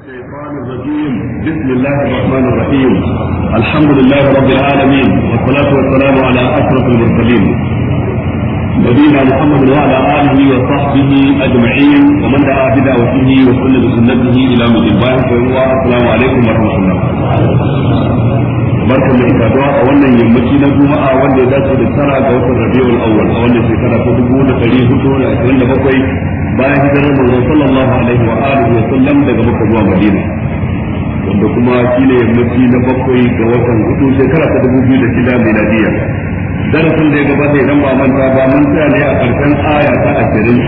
الشيطان الرجيم بسم الله الرحمن الرحيم الحمد لله رب العالمين والصلاة والسلام على أشرف المرسلين نبينا محمد وعلى آله وصحبه أجمعين ومن دعا بدعوته وسن بسنته إلى مدين السلام عليكم ورحمة الله barkan da ikaduwa a wannan yammaci na juma'a wanda ya dace da tara ga watan rabiul awwal a wannan shekara ta dubu da ɗari hudu da ashirin da bakwai bayan hijirar manzo sallallahu alaihi wa alihi wa sallam daga makka zuwa madina wanda kuma ne yammaci na bakwai ga watan hudu shekara ta dubu biyu da shida miladiya darasin da ya gabata idan ba manta ba mun tsaya ne a karshen aya ta ashirin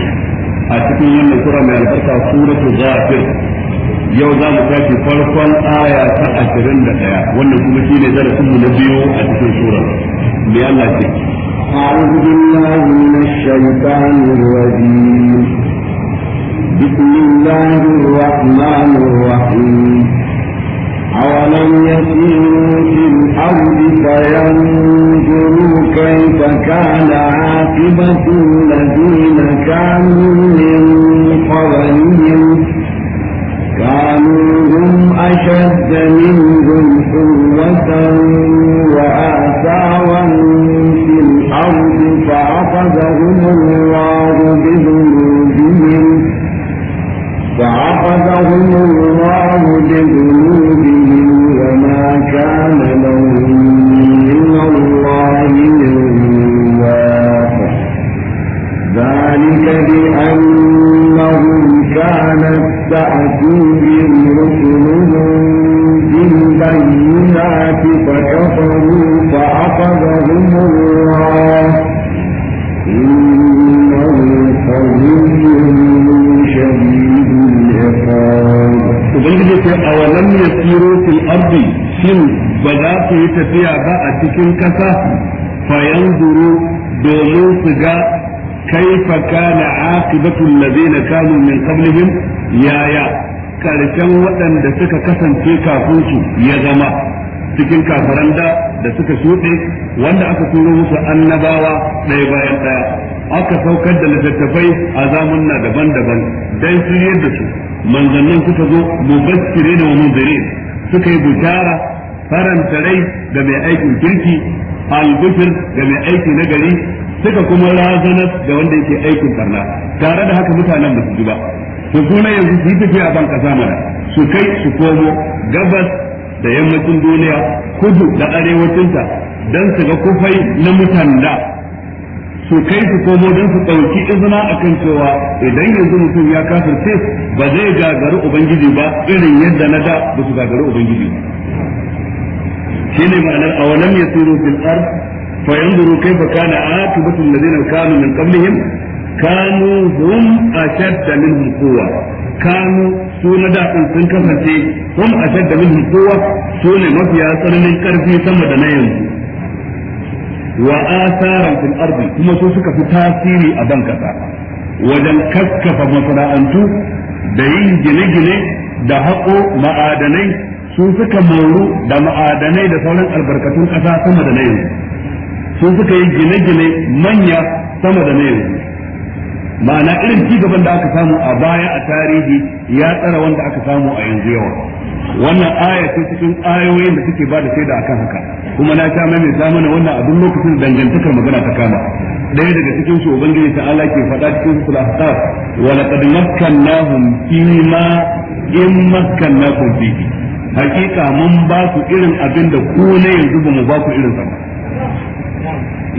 a cikin wannan sura mai albarka suratul ghafir yau za mu tashi farkon aya ta ashirin da ɗaya wannan kuma shi ne darasin mu na biyu a cikin sura mai Allah ce أعوذ بالله من الشيطان الرجيم بسم الله الرحمن الرحيم أولم يسيروا في الأرض فينظروا كيف كان عاقبة الذين كانوا من قبلهم منهم أشد منهم حوة وآثارا في الأرض فأخذهم الله بذنوبهم فأخذهم الله بذنوبهم ardi shin ba za su yi tafiya ba a cikin kasa duru domin su ga kaifa kana aqibatul ladina kanu min qablihim yaya karshen waɗanda suka kasance kafin su ya zama cikin kafaran da da suka shuɗe wanda aka turo musu annabawa ɗaya bayan ɗaya aka saukar da littattafai a zamunna daban-daban dan shirye da su manzannin suka zo mubashirin da munzirin suka yi bishara faranta rai da mai aikin kirki albushir da mai aiki na gari suka kuma razanar da wanda yake aikin karna tare da haka mutanen ba su ji ba su suna yanzu su yi tafiya ban kasa mana su kai su komo gabas da yammacin duniya kudu da arewacinta don su ga kufai na mutanen da. su kai su komo don su ɗauki izina a kan cewa idan yanzu mutum ya kafirce ba zai gagari ubangiji ba irin yadda na da ba su gagari ubangiji ba shi ne ma'anar a wannan ya siro fil ar fa yanzuru kaifa kana atubatu alladhina kanu min qablihim kanu hum ashadda minhum quwwa kanu su na da sun kasance hum ashadda minhum quwwa su ne mafiya tsananin karfi sama da na yanzu wa asaran fil ardi kuma su suka fi tasiri a ban kasa wajen kakkafa masana'antu da yin gine-gine da haƙo ma'adanai su suka moru da ma'adanai da sauran albarkatun ƙasa sama da na yanzu su suka yi gine-gine manya sama da na yanzu ma'ana irin ci gaban da aka samu a baya a tarihi ya tsara wanda aka samu a yanzu yawa wannan aya ce cikin ayoyin da suke ba da shaida akan haka kuma na ta mai ta mana wannan abin lokacin dangantakar magana ta kama daya daga cikin su ubangiji ta Allah ke faɗa cikin sura ta wa laqad makkannahum fi ma in makkannakum fihi hakika mun ba su irin abin da ku ne yanzu ba mu ba ku irin sama,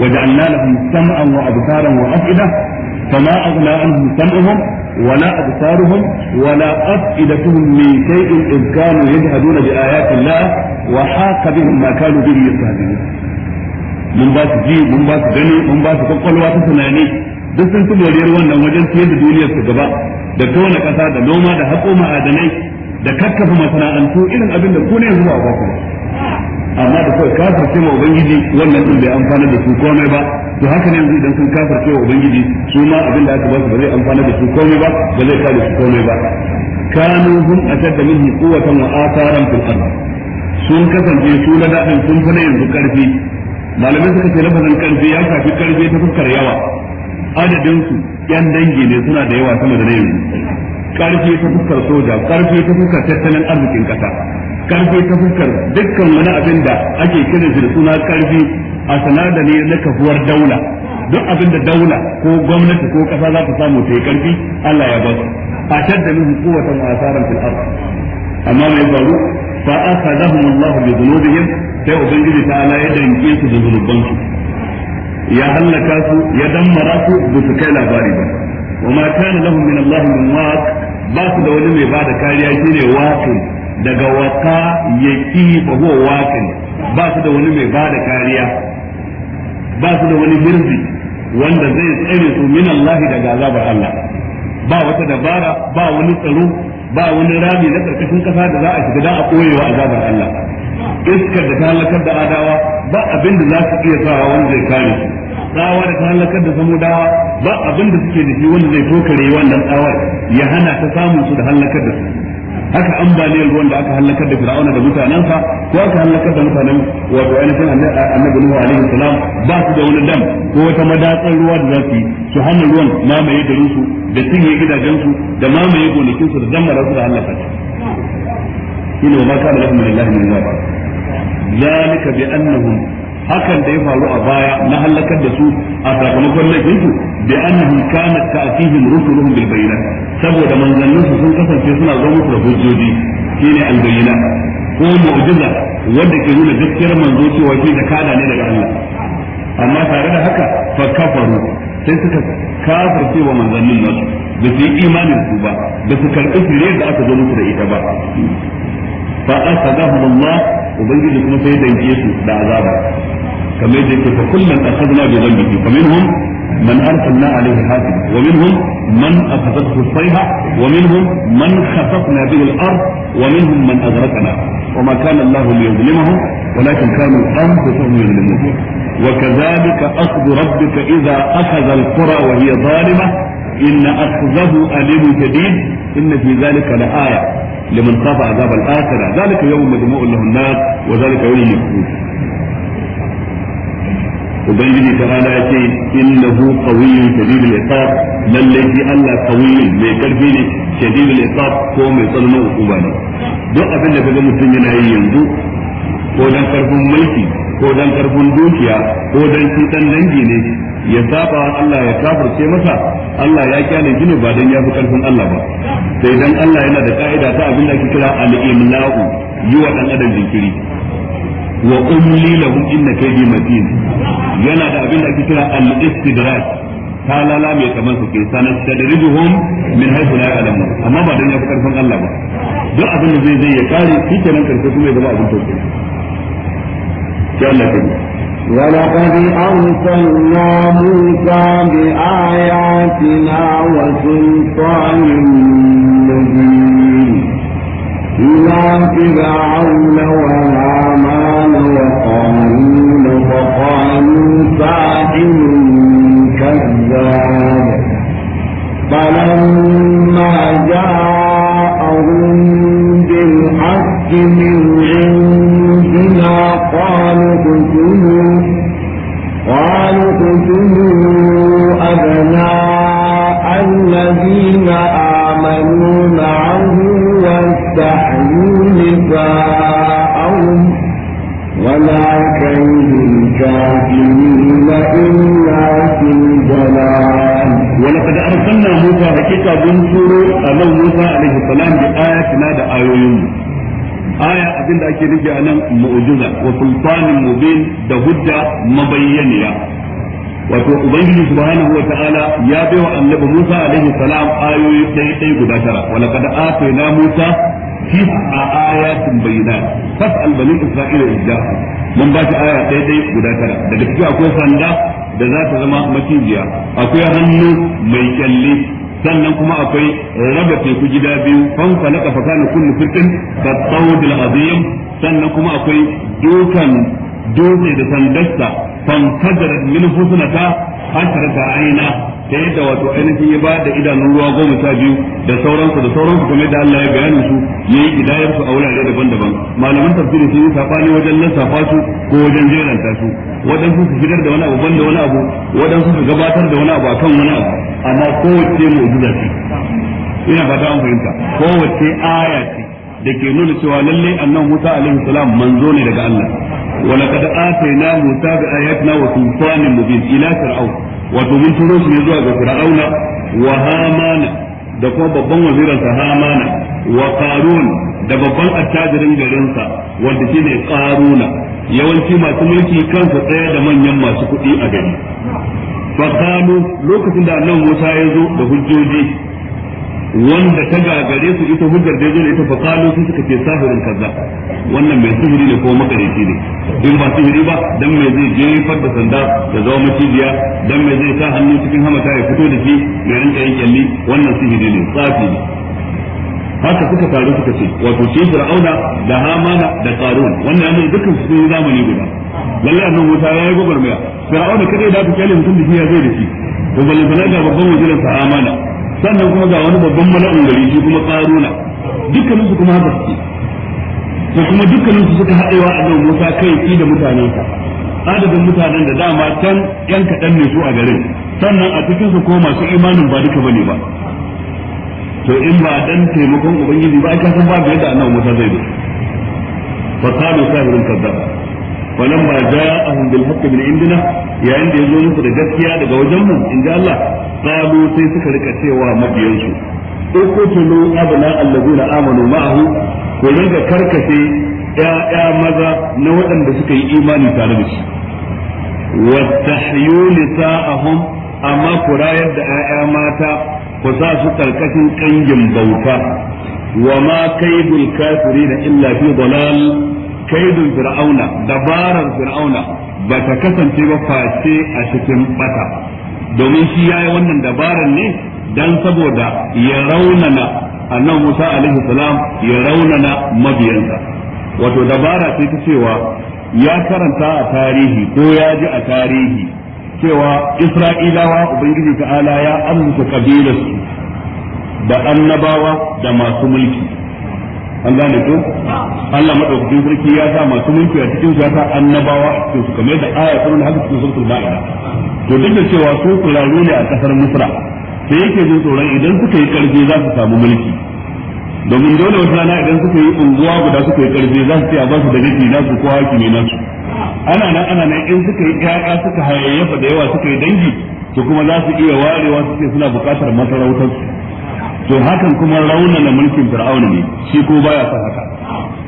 wa ja'alna lahum sam'an wa سمعا wa af'ida fama aghna anhum sam'uhum ولا أبصارهم ولا أفئدتهم من شيء إذ كانوا يجهدون بآيات الله وحاق بهم ما كانوا به يستهزئون mun ba su ji mun ba su gani mun ba su kwakwalwa ta tunani duk sun fi moriyar wannan wajen ciyar da duniyar su gaba da tona ƙasa da noma da haƙo ma'adanai da kakkafa masana'antu irin abin da ku ne zuwa ba ku amma da kawai kafirce ma ubangiji wannan din bai amfana da su komai ba to haka ne yanzu idan sun kafirce wa ubangiji su ma abin da aka ba su ba zai amfana da su komai ba ba zai da su komai ba kanu hum ashadda minhu quwwatan wa atharan fil ard sun kasance su na dadin sun fi yanzu karfi malamai suka ce lafazin karfi ya shafi karfi ta fuskar yawa adadin su yan dangi ne suna da yawa sama da na yanzu karfi ta fuskar soja karfi ta fuskar tattalin arzikin kasa karfi ta fuskar dukkan wani abin da ake kiran shi suna karfi a sanada ne na kafuwar daula duk abin da daula ko gwamnati ko kasa za ta samu ta yi karfi Allah ya ba su a shadda min quwwatan wa fil ard amma mai faru fa akhadahum Allah bi dhunubihim sai ubangiji ta ala ya danke su da zunubansu ya halaka su ya dammara su ba su kai labari ba wa ma kana lahum min Allah min waq ba su da wani mai ba da kariya shine waqi daga waka ya ki huwa wakin ba su da wani mai bada kariya ba su da wani birzi wanda zai tsare su min Allah daga azabar Allah ba wata dabara ba wani tsaro ba wani rami na karkashin kasa da za a shiga da a koyewa azabar Allah iskar da ta halakar da adawa ba abin da za su iya sawa wanda zai kare su tsawa da ta halakar da samudawa ba abin da suke da shi wanda zai tokare wannan tsawar ya hana ta samun su da halakar da su haka ambaliyar ruwan da aka halakar da fir'auna da mutanensa ko aka halakar da mutanen wato ainihin annabi nuhu alaihi salam ba su da wani dam ko wata madatsar ruwa da za su su hana ruwan mamaye garin su da cinye gidajen su da mamaye gonakin su da dan su da halaka su shine ma kana da lillahi min zaba zalika bi annahum hakan da ya faru a baya na halakar da su a sakamakon laifin bi annahum kanat ta'tihim rusuluhum bil bayyinat saboda manzannin su sun kasance suna zama musu da hujjoji shine al ko mu'jiza wanda ke nuna gaskiyar manzo cewa da kada ne daga Allah amma tare da haka fa kafaru sai suka kafirce wa manzannin nasu ba su yi imanin su ba ba su karɓi fire da aka zo musu da ita ba fa asadahu Allah ubangiji kuma sai danke su da azaba kamar yadda ke fa kullun akhadna bi dhanbihi fa minhum من أرسلنا عليه حاكم ومنهم من أخذته الصيحة ومنهم من خسفنا به الأرض ومنهم من أغرقنا وما كان الله ليظلمهم ولكن كانوا أنفسهم يظلمون وكذلك أخذ ربك إذا أخذ القرى وهي ظالمة إن أخذه أليم شديد إن في ذلك لآية لمن خاف عذاب الآخرة ذلك يوم مجموع له الناس وذلك يوم مكتوب ubangiji ta hada ya ce innahu qawiyyun shadidul iqab lalle shi Allah qawiyyun mai karfi ne shadidul iqab ko mai tsananin hukuma ne duk abin da kaga mutum yana yi yanzu ko dan karfin mulki ko dan karfin dukiya ko dan shi dan dangi ne ya saba Allah ya kafirce masa Allah ya kyale gini ba dan ya fi karfin Allah ba sai dan Allah yana da ka'ida ta abin da ake kira al-imla'u yi wa dan adam jinkiri wa umli lahum inna kaydi matin yana da abin da ake kira al-istidraj talala mai kamar su ke sanar tadrijuhum min haythu la ya'lamun amma ba dan ya fi karfin Allah ba duk abin da zai zai ya kare shi kenan karfe kuma ya zama abin tauke ta ولقد أرسلنا موسى بآياتنا وسلطان مبين إلى فرعون وهامان وقارون وقالوا ساحر كذاب فلما جاءهم بالحق من عندنا قالوا اقتلوا قالوا اقتلوا أبناء الذين آمنوا معه واستحيوا نساءهم على كيد الكافرين إلا في ضلال ولقد أرسلنا موسى حقيقة بنصر أنه موسى عليه السلام بآياتنا دعايوين aya abin da ake nufi a nan mu'jiza wa sultanin mubin da wato ubangiji subhanahu wa ta'ala ya baiwa annabi Musa alaihi salam ayoyi dai dai guda tara wa laqad atayna Musa fiha ayatin bayyana fas'al bani isra'ila idda mun ba ta aya dai dai guda tara da ciki akwai sanda da za ta zama macijiya akwai hannu mai kyalle sannan kuma akwai raba teku gida biyu fanfa na kafa kana kullu firqin ka tawdil azim sannan kuma akwai dukan dutse da sandarsa fanfajarat min husnata da aina ta yadda wato ainihin ya ba da idanun ruwa goma sha biyu da sauransu da sauransu kuma da Allah ya bayanin su ya yi idayar su a wurare daban-daban malaman tafsiri sun yi sabani wajen lissafa su ko wajen jeranta su waɗansu su fitar da wani abu banda wani abu waɗansu su gabatar da wani abu akan wani abu amma kowace mu'jiza ce ina fata an fahimta kowace aya ce da ke nuna cewa lallai annabi Musa alaihi salam manzo ne daga Allah ولقد آتينا موسى بآياتنا وسلطان مبين إلى فرعون وتمن تروس نزوى فرعون وهامان da kuma babban waziransa hamana wa qarun da babban attajirin garinsa wanda shine qaruna yawanci masu mulki kansa tsaya da manyan masu kuɗi a gari fa lokacin da annabi Musa ya zo da hujjoji wanda ta gagare su ita hujjar da zo da ita faqalu su suka ce sahirin kaza wannan mai sihiri ne ko makareci ne in ba sihiri ba dan mai zai jefar da sanda da zama macijiya dan mai zai sa hannu cikin hamata ya fito da shi mai rinka yin kyalli wannan sihiri ne tsafi ne haka suka taru suka ce wato ce fir'auna da hamana da qarun wannan yana dukkan su sun zamani guda lalle annabi Musa yayi gobarmaya fir'auna kada ya dace kyalli mutum da shi ya zai da shi to balle sanar da babban wazirin sa amana sannan kuma ga wani babban mala'un gari shi kuma karuna dukkaninsu kuma haka suke to kuma dukkaninsu suka haɗewa a nan musa kai ki da mutanensa adadin mutanen da dama can yan kaɗan ne su a garin sannan a cikin su kuma masu imanin ba duka bane ba to in ba dan taimakon ubangiji ba aka ka san babu yadda annabi musa zai bi fa kana sahirun kazzaba falamma ja'ahum bil haqq min indina yayin da ya zo musu da gaskiya daga wajen mu inda Allah qalu sai suka rika cewa mabiyansu ukutulu abna allazina amanu ma'ahu ko rinka karkace ya'ya maza na waɗanda suka yi imani tare da shi wa tahyu nisa'ahum amma ku da ya'ya mata ku sa su karkashin kangin bauta wa ma kaidul kafirin illa fi kaidun fir'auna dabarar fir'auna ba ta kasance ba face a cikin bata domin shi yayi wannan dabarar ne dan saboda ya raunana annabi Musa alaihi salam ya raunana mabiyansa wato dabara ce ta cewa ya karanta a tarihi ko ya ji a tarihi cewa Isra'ilawa ubangiji ta'ala ya amsa kabilarsu da annabawa da masu mulki an gane ko Allah madaukakin sarki ya sa masu mulki a cikin ya sa annabawa a cikin su kamar da aya ta nuna cikin suratul ma'ida to duk da cewa su kularu ne a kasar Misra sai yake jin tsoron idan suka yi karfi za su samu mulki domin dole wata rana idan suka yi unguwa guda suka yi karfi za su ce a ba su da gaji su ko hakimi nasu ana nan ana nan in suka yi ƴaƴa suka hayayyafa da yawa suka yi dangi to kuma za su iya warewa su suna buƙatar masarautar su to hakan kuma ra'una na mulkin fir'auna ne shi ko baya son haka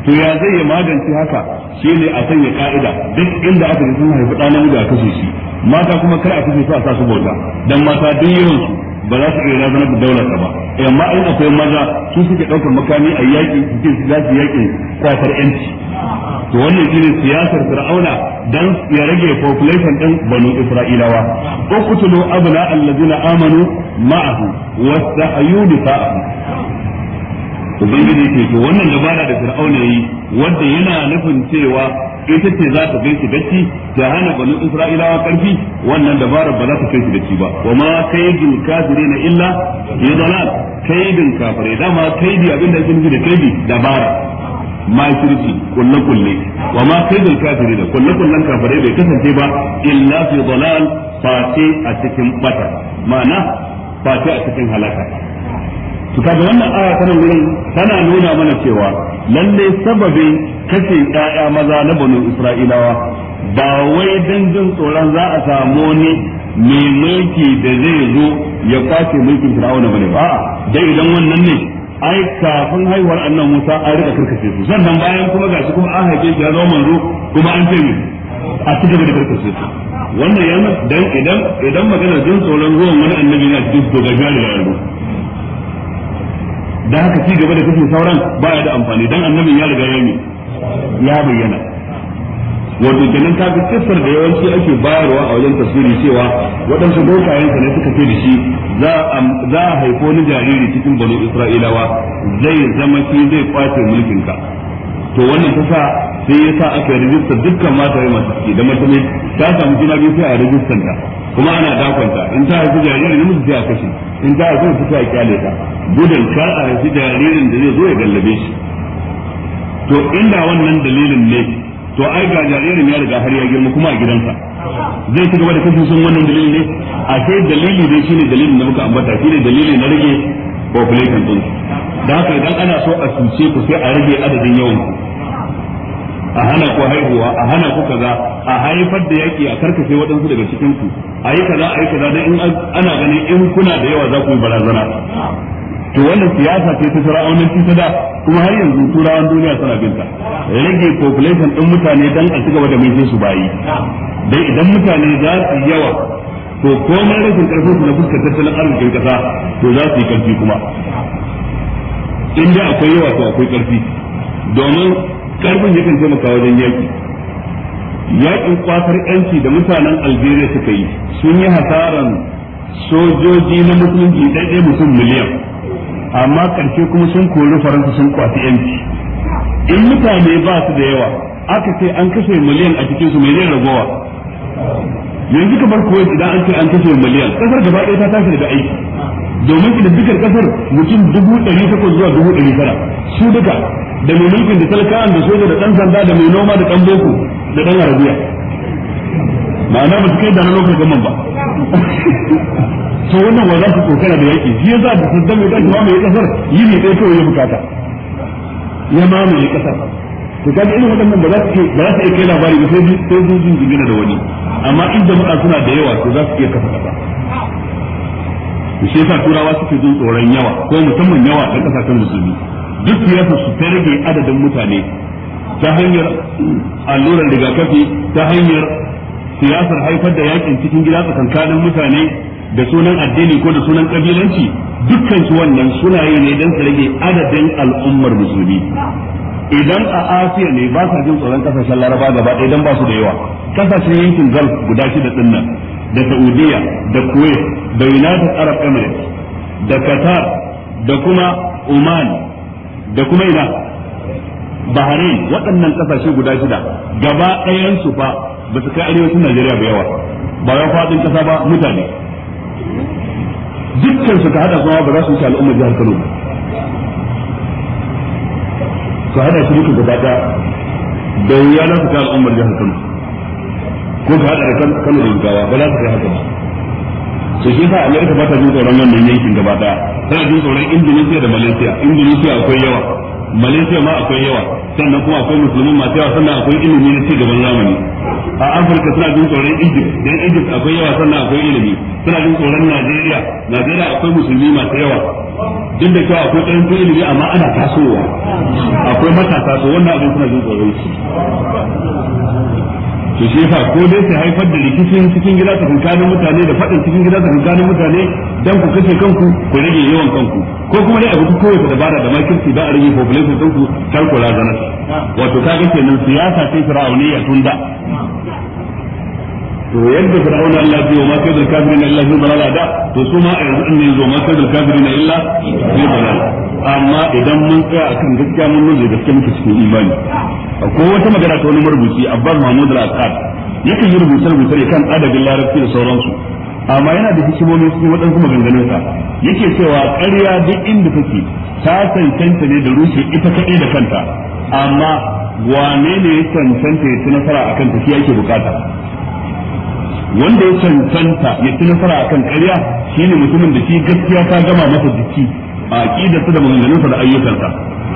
to ya zai ya magance haka shi ne a sanya ka'ida duk inda aka yi sun haifi ɗan namiji a kashe shi mata kuma kar a kashe su a sa su bauta dan mata duk yawan su ba za su iya razanar da daular ba eh, amma in akwai maza su suke ɗaukar makami a yaƙi su ce za su yaƙin kwatar yanci to wannan ne siyasar fir'auna dan ya rage population din banu isra'ilawa ko kutulu abna allazina amanu ma'ahu wasta'ayu nisa'ahu ubangiji ce to wannan dabara da fir'auna yi wanda yana nufin cewa ita ce za ta kai su bacci ta hana bani isra'ilawa karfi wannan dabarar ba za ta kai su bacci ba wa ma kaidul na illa Ya dalal kaidin kafirai dama kaidi abinda ake nufi da kaidi dabara makirci kulle kulle wa ma kaidul kafirin kulle kullen kafirai bai kasance ba illa fi dalal fati a cikin bata ma'ana fati a cikin halaka to kaga wannan aya tana wurin tana nuna mana cewa lalle sababin kace ƴaƴa maza na banu isra'ilawa ba wai dan jin tsoron za a samu ne mai mulki da zai zo ya kwace mulkin fir'auna bane ba dai idan wannan ne ai kafin haihuwar annan Musa a rika karkace su sannan bayan kuma gashi kuma an haife shi ya zama manzo kuma an ce a ci gaba da karkace su wannan yana dan idan idan magana jin tsoron ruwan wani annabi na cikin jari da yaro da haka ci gaba da kashe sauran ba ya da amfani dan annabin ya riga ya yi ya bayyana wato kenan ta ga kissar da yawanci ake bayarwa a wajen tafsiri cewa waɗansu sa ne suka ce da shi za a haifo wani jariri cikin Bani isra'ilawa zai zama shi zai kwace ka. to wannan ta sa sai ya sa aka yi rijista dukkan mata yi masu ciki da mata ne ta samu juna biyu sai a rijistan ta kuma ana dakonta in ta haifi jariri musu sai a kashe in ta haifi sai a kyale ta gudun ka a haifi jaririn da zai zo ya gallabe shi to inda wannan dalilin ne to ai ga jaririn ya riga har ya girma kuma a gidansa zai ci gaba da kashin sun wannan dalilin ne a sai dalili dai shine dalilin da muka ambata shine dalili na rage population din da haka idan ana so a suce ku sai a rage adadin yawan ku a hana ku haihuwa a hana ku kaza a haifar da yaki a karkace waɗansu daga cikin ku a yi kaza a yi kaza dan in ana ganin in kuna da yawa za ku yi barazana to wannan siyasa ce ta fir'aunan ta da kuma har yanzu turawan duniya suna binta rage population din mutane dan a cigaba da mai su bayi dai idan mutane za su yawa to komai rashin karfin su na fuskar tattalin arzikin kasa to za su yi karfi kuma in da akwai yawa to akwai karfi domin karfin yakan taimaka wajen yaki yakin kwatar yanci da mutanen Algeria suka yi sun yi hasaran sojoji na musulunci ɗaiɗai mutum miliyan amma karshe kuma sun kori faransa sun kwafi yanci in mutane ba su da yawa aka ce an kashe miliyan a cikin su miliyan ragowa yanzu kamar kuwait idan an ce an kashe miliyan kasar gaba ɗaya ta tashi daga aiki domin dukkan kasar mutum dubu ɗari takwas zuwa dubu ɗari tara su duka da mai mulkin da talakawan da soja da ɗan sanda da mai noma da ɗan boko da ɗan arabiya ma'ana ba su kai da na lokacin ba to wannan wa za su tsokana da yake shi yasa da saddam ya tashi mai kasar yi ne dai kawai ya bukata ya ma mai kasar to kaga irin waɗannan ba za su ba za su iya kai labari ba sai sai jin jingina da wani amma in jama'a suna da yawa to za su iya kafa kasa shi yasa turawa suke jin tsoron yawa ko musamman yawa da kasashen musulmi duk siyasa su ta rage adadin mutane ta hanyar allurar rigakafi ta hanyar siyasar haifar da yakin cikin gida tsakankanin mutane da sunan addini ko da sunan kabilanci dukkan su wannan suna yi ne don su rage adadin al'ummar musulmi idan a asiya ne ba sa jin tsoron kasashen laraba gaba ɗaya don ba su da yawa kasashen yankin gulf guda shida din nan da saudiya da kuwait da united arab emirates da qatar da kuma oman da kuma ina bahrain waɗannan kasashe guda shida gaba ɗayan su fa ba su kai arewacin najeriya ba yawa ba ya faɗin ƙasa ba mutane dukkan su ka hada kuma ba za su wuce al'ummar jihar Kano ba ka hada shi duka gaba da da wuya na su ka al'ummar jihar Kano ko ka hada da Kano da Yankawa ba za su kai haka ba su shi sa Amerika ba ta jin tsoron wannan yankin gaba ta tana jin tsoron Indonesia da Malaysia Indonesia akwai yawa Malaysia ma akwai yawa sannan kuma akwai musulmi masu yawa sannan akwai ilimi na cigaban zamani a afirka suna jin tsoron egypt don egypt akwai yawa sannan akwai ilimi suna jin tsoron najeriya najeriya akwai musulmi masu yawa duk da cewa akwai tsarin ilimi amma ana tasowa akwai matasa to wannan abin suna jin tsoron to shi yasa ko dai sai haifar da rikicin cikin gida ta tsakankanin mutane da faɗin cikin gida ta tsakankanin mutane dan ku kace kanku ku rage yawan kanku ko kuma dai abu kowace dabara da makirci da a rage population ɗinku tarko ku razana wato ga kenan siyasa sai fir'auniyya tun da to yadda fir'auna Allah ya ma kai kafirin kafirina illa fi dalal da to su ma a yanzu in ne zo ma kai kafirin illa fi amma idan mun tsaya akan gaskiya mun nuna gaskiya muke cikin imani akwai wata magana ta wani marubuci Abbas Mahmud al-Aqad yake yi rubuce rubuce kan adabin larabci da sauransu amma yana da hikimomi cikin waɗansu maganganunsa yake cewa ƙarya duk inda take ta cancanta ne da rushe ita kaɗai da kanta amma wane ne ya cancanta ya ci nasara akan ta shi yake bukata wanda ya cancanta ya ci nasara akan Shi ne mutumin da shi gaskiya ta gama masa jiki a su da maganganunsa da ayyukansa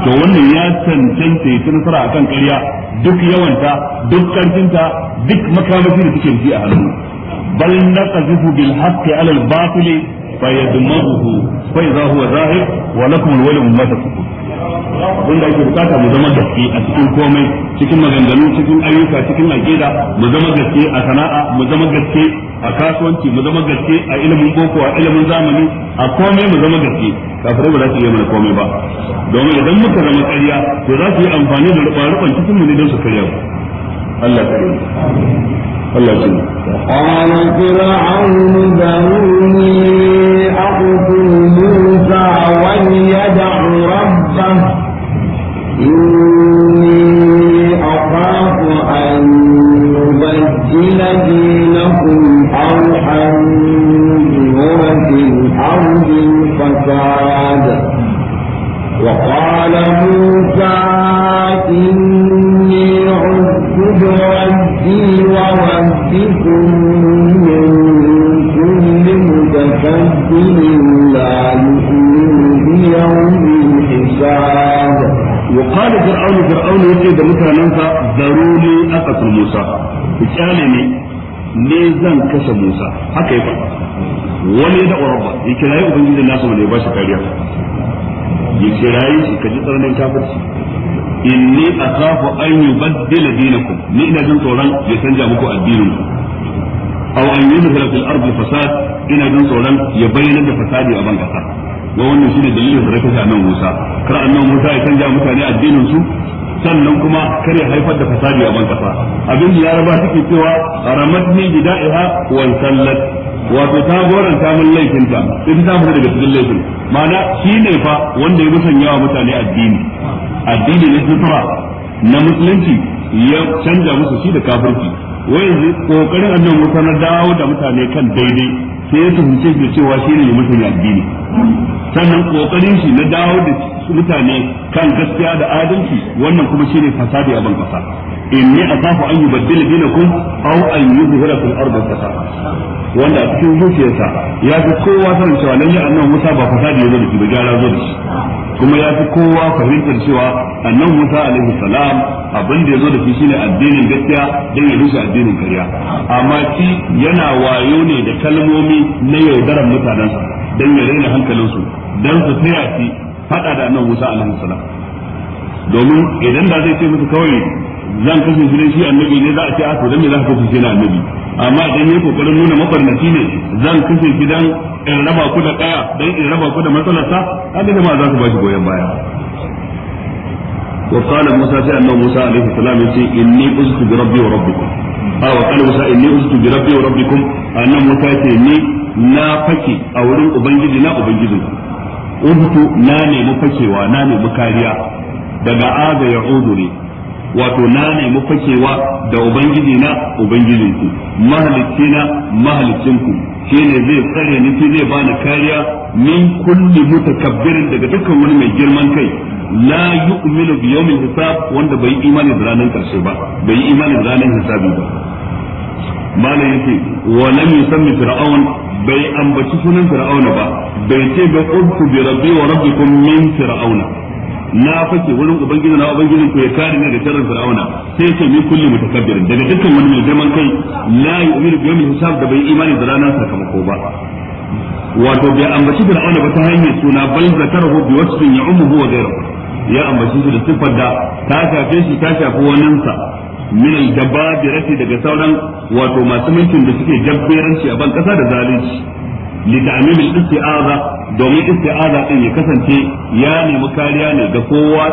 to wannan ya cancanta ya ci nasara akan karya. duk yawanta duk karfinta duk makamashi da suke ji a hannu bal naqzifu bil haqqi ala al batil fa yadmahu fa idha huwa zahir wa lakum al walu mimma tasifun abinda yake bukata mu zama gaske a cikin komai cikin maganganu cikin ayyuka cikin aqida mu zama gaske a sana'a mu zama gaske a kasuwanci mu zama gaske a ilimin boko a ilimin zamani a komai mu zama gaske kafirai ba za su iya mana komai ba domin idan muka zama ƙarya to za su yi amfani da rubarukon cikin mu ne don su karya Allah ta yi Allah ta yi قال فرعون ذروني أقتل موسى وليدع ربه قال موسى إني عذت ربي وربكم من كل متكبر لا يؤمن بيوم الحساب وقال فرعون فرعون يجد متعننسا ذروني أقتل موسى اجعلني ne zan kashe Musa haka ya faɗa wani da urabba ya kira ya ubangiji nasu ne ba shi kariya yake rayu shi ka ji tsananin kafirci inni akhafu an yubaddila dinakum ni ina jin tsoron ya canja muku addinin ku aw an yuzhira fil ardi fasad ina jin tsoron ya bayyana da fasadi a ban wa wannan shine dalilin da raka nan Musa kar annabi Musa ya canja mutane addinin su sannan kuma kar ya haifar da fasadi a ban abin da ya raba suke cewa ramatni bida'iha wa sallat wato ta ta mun laifin ta sai ta mun daga cikin laifin ma'ana shi ne fa wanda ya musanya wa mutane addini addini ne sutura na musulunci ya canja musu shi da kafirci wai kokarin annabi musa na dawo da mutane kan daidai sai ya fahimce da cewa shi ne musanya addini sannan kokarin shi na dawo da mutane kan gaskiya da adalci wannan kuma shi ne fasadi a ban kasa inni akafu an yubaddila dinakum aw an yuzhira fil ardi fasada wanda a cikin zuciyarsa ya fi kowa sanin cewa lalle annabi Musa ba fasadi ya zo da shi ba gyara zo da shi kuma ya fi kowa fahimtar cewa annabi Musa alaihi salam abin da ya zo da shi shine addinin gaskiya dan ya rushe addinin karya amma shi yana wayo ne da kalmomi na yaudaran mutanensa dan ya raina hankalinsu dan su tsaya shi fada da annabi Musa alaihi salam domin idan da zai ce musu kawai zan kashe shi dan shi annabi ne za a ce a ah, to dan me za ka kashe shi na annabi amma idan yayi kokarin nuna mabarnaci ne zan kashe shi dan in raba ku da kaya dan in raba ku da matsalarsa annabi ma za su ba shi goyon baya وقال موسى في أن موسى wa السلام يقول إني أزت بربي وربكم آه وقال موسى إني أزت بربي Musa أن موسى ni na fake a wurin ubangiji na ubangijin ubutu na nemi fakewa na nemi kariya daga Aga ya wato na nemi fakewa da ubangiji na ubangijinku mahalicci na mahalicinku ne zai tsare ni shi zai bani kariya min kulli mutakabbirin daga dukkan wani mai girman kai la yu'minu bi yawmil hisab wanda bai imani da ranar karshe ba bai imani da ranar hisabi ba malam yake wa lam yusammi fir'aun bai ambaci sunan fir'auna ba bai ce ba qultu bi rabbi wa rabbikum min fir'auna na fake wurin ubangiji na ubangiji ku ya kare ni da sharrin fir'auna sai ce min kulli mutakabbirin daga dukkan wani mai girman kai la yu'minu bi yawmi hisab da bai imani da ranar sakamako ba wato bai ambaci fir'auna ba ta hanyar suna bal zakarahu bi wasfin ya'umuhu wa ghayruhu ya ambaci shi da sifar da ta shafe shi ta shafi sa min al-jababirati daga sauran wato masu mulkin da suke jabberanci a ban kasa da zalunci li ta'mim al-isti'aza domin isti'aza din ya kasance ya nemi kariya ne ga kowa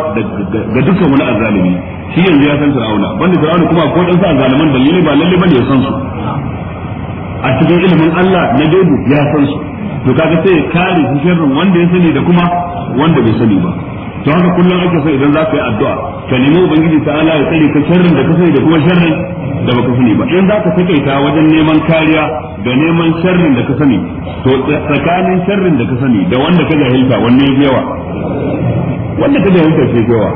ga dukkan wani azalimi shi yanzu ya san fir'auna banda fir'auna kuma ko dan sa azaliman dalili ba lalle bane ya san su a cikin ilimin Allah na gaibu ya san su to kaga sai ya kare sharrin wanda ya sani da kuma wanda bai sani ba to haka kullum ake so idan za ka yi addu'a ka nemi ubangiji ta'ala ya tsare ka sharrin da ka sani da kuma sharrin da baka sani ba in zaka takaita wajen neman kariya da neman sharrin da ka sani to tsakanin sharrin da ka sani da wanda ka jahilta wanne ya yawa wanda ka jahilta ce yawa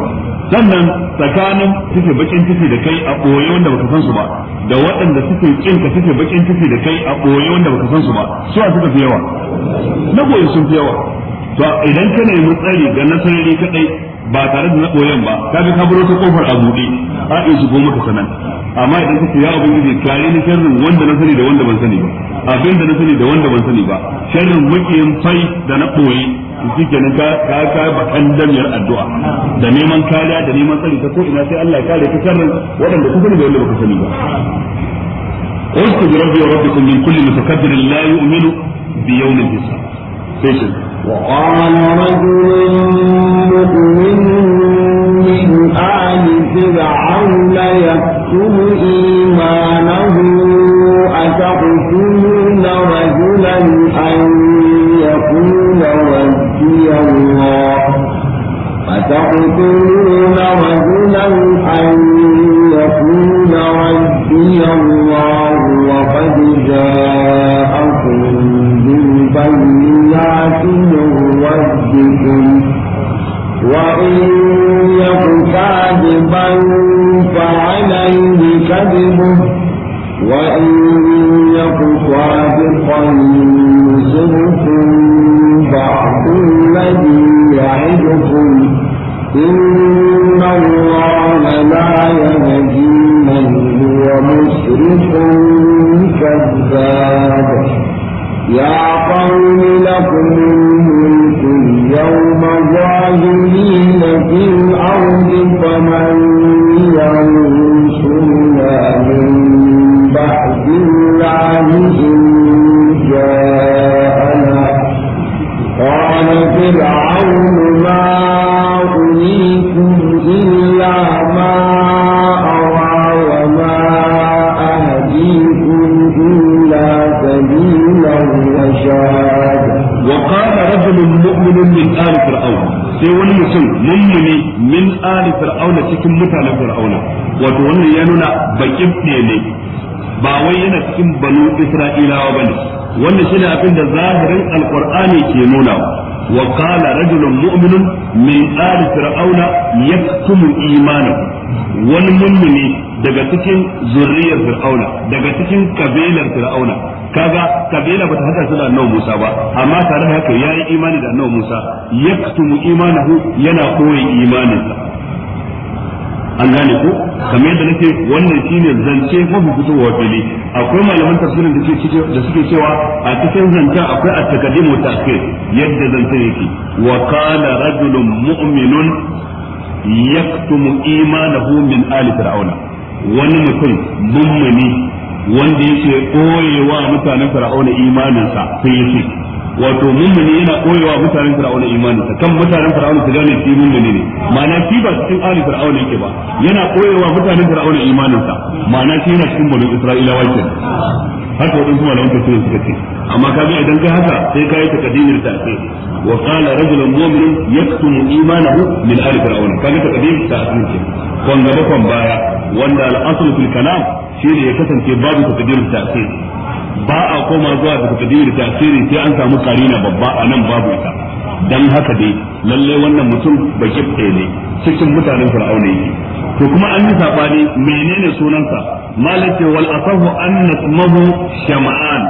sannan tsakanin suke bakin ciki da kai a ɓoye wanda baka san su ba da waɗanda suke kin ka suke bakin ciki da kai a ɓoye wanda baka san su ba su a suka fi yawa na goyi sun fi yawa to idan ka nemi tsari ga nasarori kadai ba tare da na koyon ba Ta bi ka buru ta kofar a buɗe a in shigo maka sanan amma idan kace ya ubangiji kare ni sharrin wanda na sani da wanda ban sani ba abin da na sani da wanda ban sani ba sharrin makiyin fai da na koyi shi kenan ka ka ka bakan damiyar addu'a da neman kariya da neman tsari ta ko ina sai Allah ya kare ka sharrin waɗanda ka sani da wanda baka sani ba قلت بربي وربكم من كل متكبر لا يؤمن بيوم الحساب sai ce وقال رجل مؤمن cikin banu isra'ilawa bane wannan shine abin da zahirin alqur'ani ke nuna wa qala rajulun mu'minun min ali fir'auna yaktumu imanahu wani mummuni daga cikin zurriyar fir'auna daga cikin kabilar fir'auna kaga kabila bata hada su da annabi Musa ba amma tare da haka yayi imani da annabi Musa yaktumu imanahu yana koyi imaninsa an gane kamar yadda nake wannan shine zance mafi fitowa fili akwai malaman tafsirin da da suke cewa a cikin zancen akwai at-taqdim wa ta'khir yadda zance yake wa qala rajulun mu'minun yaktumu imanahu min ali fir'auna wani mutum mummuni wanda yake koyewa mutanen fir'auna imaninsa sai yake wato mummuni yana koyewa mutanen fir'auna imaninsa kan mutanen fir'auna su gane shi mummuni ne ma'ana shi ba cikin ali fir'auna yake ba yana koyewa mutanen fir'auna imaninsa ma'ana shi yana cikin banu isra'ilawa ke haka wadin kuma lawan tafsirin suka ce amma kaga idan kai haka sai kai takadimin ta ce wa qala rajulun mu'min yaktumu imanahu min ali fir'auna kaga takadimin ta ce kon gaba kon baya wanda al-aslu fil kalam shine ya kasance babu takadimin ta ce ba a koma zuwa da da tasiri sai an samu karina babba a nan babu ita dan haka dai lalle wannan mutum kifte ne cikin mutanen fir'auna yake to kuma an yi sabani menene sunansa malike wal asahu an nasmahu shama'an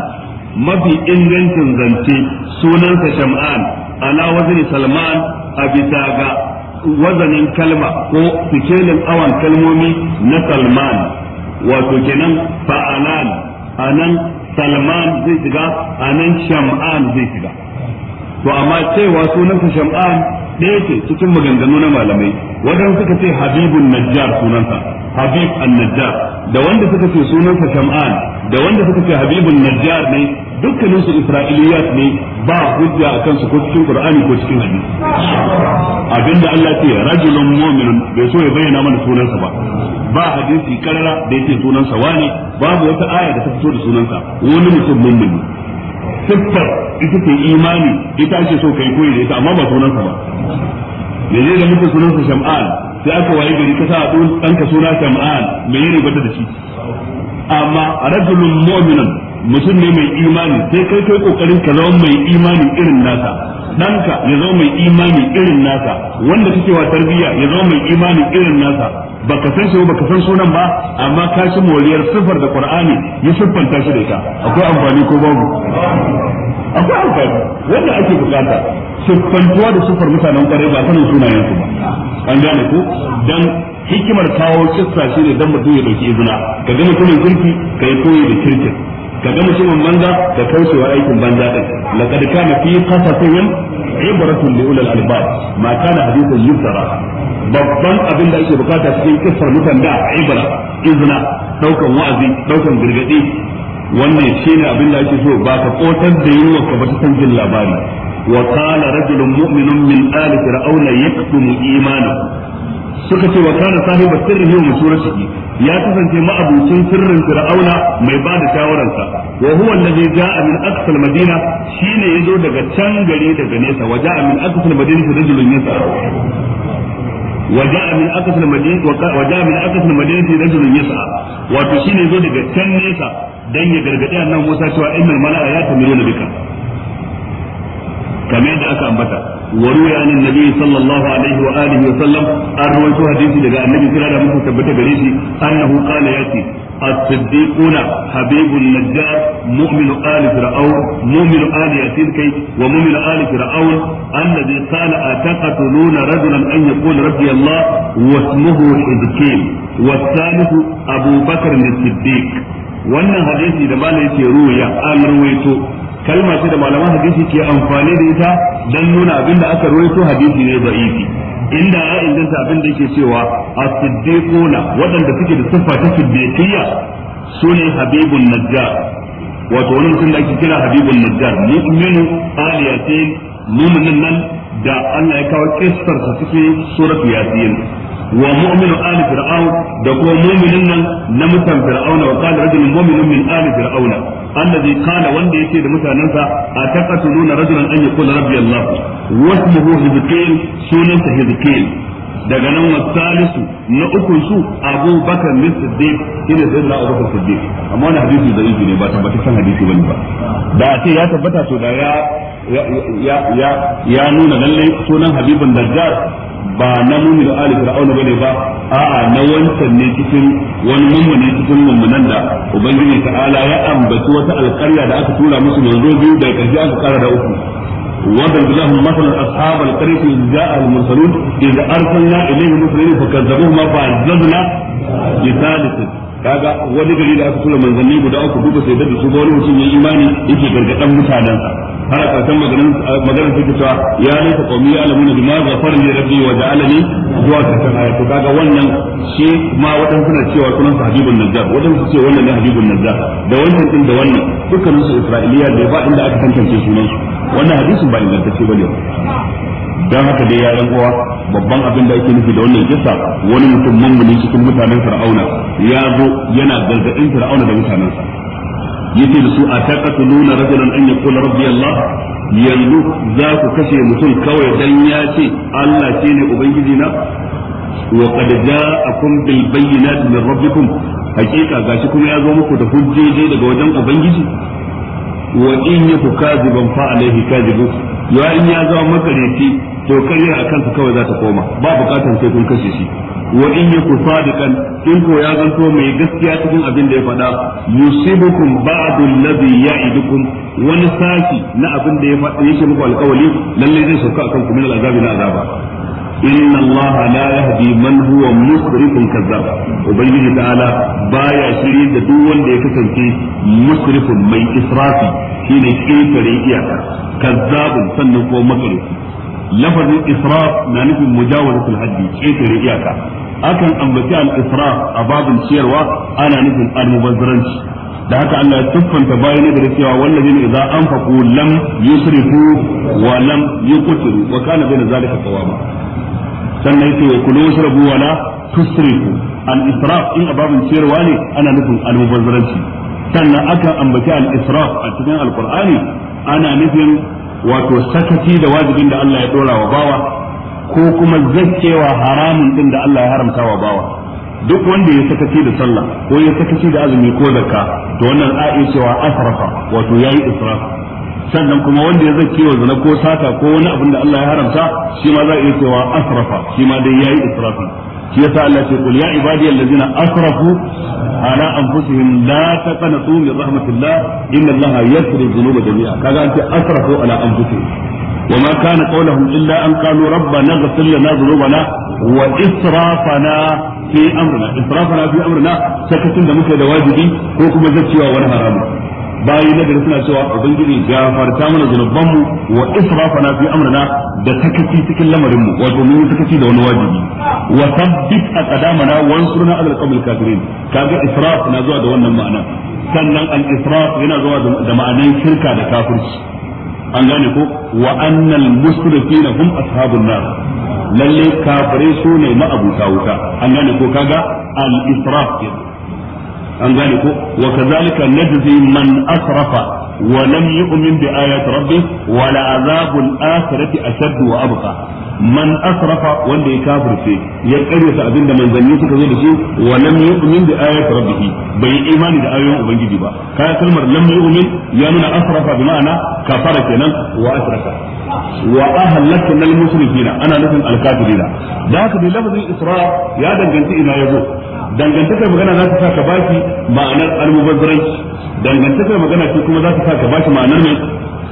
mafi ingancin zance sunansa shama'an ala wazni salman a bisa ga wazanin kalma ko fikelin awan kalmomi na salman wato kenan fa'alan anan salman zai shiga a nan sham'an zai shiga to amma cewa sunansa sham'an ɗaya ce cikin maganganu na malamai wadan suka ce habibun najjar sunansa habib an-najjar da wanda suka ce sunansa sham'an da wanda suka ce habibun najjar ne dukkanin su isra'iliyat ne ba hujja a kansu ko cikin qur'ani ko cikin hadisi abinda Allah ce rajulun mu'minun bai so ya bayyana mana sunansa ba ba hadisi karara da yake sunansa wani babu wata aya da ta fito da sunansa wani mutum mummuni siffar ita ce imani ita ake so kai koyi da ita amma ba sunansa ba Me zai da mutum sunansa sham'al sai aka waye gari ka sa a ɗanka suna sham'al mai yi ribata da shi amma rajulun mu'minan mutum ne mai imani sai kai kai kokarin ka zama mai imani irin nasa danka ya zama mai imani irin nasa wanda kake wa tarbiyya ya zama mai imani irin nasa baka san shi baka san sunan ba amma ka shi moriyar sifar da qur'ani ya siffanta shi da ita akwai amfani ko babu akwai amfani wanda ake bukata siffantuwa da sifar mutanen kwarai ba sanin sunayen su ba an gane ku dan hikimar kawo kissa shine dan mutum ya dauki izina ka ga mutumin kirki ka yi koyi da kirkin ka ga mutumin banza ka kaucewa aikin banza din laqad kana fi qasasihim ibratun li ulil albab ma kana hadithan yusra babban abin da ake bukata cikin kissar mutan da ibra izna daukan wa'azi daukan gargadi wannan ne abin da ake so ba ka kotar da yunwa ka ba ta san jin labari wa qala rajulun mu'minun min ali fir'auna yaktumu imana. suka ce wa kana sahiba sirrihi wa ciki, ya kasance ma'abucin sirrin fir'auna mai ba da shawararsa wa huwa allazi ja'a min aqsal madina shine yazo daga can gari daga nesa wa ja'a min aqsal madina rajulun yasa وجاء من أقصى المدينة وجاء من أقصى المدينة رجل يسعى وتشين يزود كان يسعى دنيا جرجتي أنه موسى شوى إن الملأ يأتمرون بك كما يدعك أنبتا وروي عن النبي صلى الله عليه وآله وسلم أروي حديثي لقى النبي صلى الله عليه وسلم أنه قال يأتي الصديقون حبيب النجار مؤمن آل فرعون مؤمن آل ياسين كي ومؤمن آل فرعون الذي قال أتقتلون رجلا أن يقول ربي الله واسمه حزكيل والثالث أبو بكر الصديق wannan hadisi da malai ce ruya an ruwaito kalma ce da malaman hadisi ke amfani da ita dan nuna abin da aka rawaito hadisi ne da'ifi inda ya inganta abin da yake cewa a siddiquna waɗanda suke da siffa ta siddiqiyya sune habibun najjar wato wani mutum da ake kira habibun najjar mu'minu aliyatin mu'minin nan da Allah ya kawo kissar ta suke suratul yasin wa mu'minu ali fir'aun da kuma mu'minin nan na mutan fir'auna wa qala rajulun mu'minun min ali fir'auna allazi kana wanda yace da mutanansa ataqatuluna rajulan an yaqula rabbi allah wasmuhu hizqil sunan sa hizqil daga nan wa salisu na ukun su Abu Bakar bin Siddiq ina sai na Abu Siddiq amma wannan hadisi da yake ne ba tabbata san hadisi bane ba da a ce ya tabbata to da ya ya nuna lallai sunan habibun dajjal ba na mumin ali ba ne ba a'a na wancan ne cikin wani mummuni cikin mummunan da ubangiji ta'ala ya ambaci wata alƙarya da aka tura musu manzo biyu da karshe aka kara da uku Wannan وضرب لهم مثلا اصحاب القريه اذ جاء المرسلون اذ ارسلنا اليهم مسلمين فكذبوهما فعززنا بثالث kaga wani gari da aka tura manzanni guda uku duka sai da su ba wani mutum ya imani yake gargadan mutanensa har a karshen maganar maganar take cewa ya laita qawmi ya'lamuna bima ghafara ne rabbi wa ja'alani zuwa karshen aya to kaga wannan shi ma waɗansu na cewa sunan sa habibun najjar waɗansu ce wannan ne habibun najjar da wannan din da wannan dukkan su isra'iliya da ba inda aka tantance sunan su wannan hadisin ba ingantacce ne. dan haka dai yaran uwa babban abin da ake nufi da wannan kissa wani mutum mummuni cikin mutanen fir'auna ya zo yana gargadin fir'auna da mutanensa yace da su a taqatuluna rajulan an yaqula rabbi Allah yanzu za ku kashe mutum kawai dan ya ce Allah ne ubangiji na wa qad ja'akum bil bayyinati min rabbikum hakika gashi kuma ya zo muku da hujjoji daga wajen ubangiji wa in yaku kaziban fa Alayhi kazibu ya in ya zama makareci to kariya akan su kawai za ta koma ba bukatan sai kun kashe shi wa in yaku sadiqan in ko ya zanto mai gaskiya cikin abin da ya faɗa yusibukum ba'du allazi ya'idukum wani saki na abin da ya faɗa yake muku alƙawari lalle zai sauka akan ku min al'azabi na azaba inna allaha la yahdi man huwa musrifun kazzab ubangiji ta'ala baya shiri da duk wanda ya kasance musrifun mai israfi shine ƙetare iyaka kazzabun sannan ko makarici lafazin israf na nufin mujawazatul haddi ƙetare iyaka akan ambaci al-israf a babin ciyarwa ana nufin almubazzaranci da haka Allah ya tuffanta bayani da cewa wallazina idza anfaqu lam yusrifu wa lam yuqtiru wa kana bayna zalika qawama sannan yace wa kulu washrabu wa la tusrifu al-israf in babin ciyarwa ne ana nufin almubazzaranci sannan aka ambaci al-israf a cikin alqur'ani ana nufin wato sakaci da wajibin da Allah ya dora wa bawa ko kuma zakkewa haramun din da Allah ya haramta wa bawa duk wanda ya sakaci da sallah ko ya sakaci da azumi ko zakka to wannan a'i cewa asrafa wato yayi israf sannan kuma wanda ya zakke wa zina ko sata ko wani abin da Allah ya haramta shi ma za a iya cewa asrafa shi ma dai yayi israfi shi yasa Allah ce kul ya ibadi allazina asrafu ala anfusihim la taqnatu min rahmatillah inna Allah yaghfiru dhunuba jami'a kaga an ce asrafu ala anfusihim وما كان قولهم إلا أن قالوا ربنا اغفر لنا ذنوبنا وإسرافنا في أمرنا إسرافنا في أمرنا سكتن da muke da wajibi ko kuma zaccewa wani haramu bayi na gari suna cewa ubangiji gafarta mana zunubanmu wa israfana fi amrina da takaci cikin lamarinmu wato mun takaci da wani wajibi wa sabbit aqdamana wa ansurna ala alqawmil kafirin kaga israf na zuwa da wannan ma'ana sannan al israf yana zuwa da ma'anan shirka da kafirci an gane ko wa annal musrifina hum ashabun nar lalle kafirai su ne ma'abuta wuta an gane ko kaga al israf an gane ko wa kazalika najzi man asrafa ولم يؤمن بآيات ربه ولعذاب الآخرة أشد وأبقى من أسرف وندي كافر فيه يكري سأبين من زنيوتك زي ولم يؤمن بآيات ربه بي إيمان بآيات أبنجي با كان كلمة لم يؤمن يمن أسرف بمعنى كفر كنن وأسرف وأهلكنا المسرفين أنا نفهم الكافرين ذاك بلفظ الإسراف يا دنجنتي إلى يزو دنجنتك بغنى ناس ساكباكي معنى المبذرين dangantakar magana ce kuma za ta sa ka bashi ma'anar mai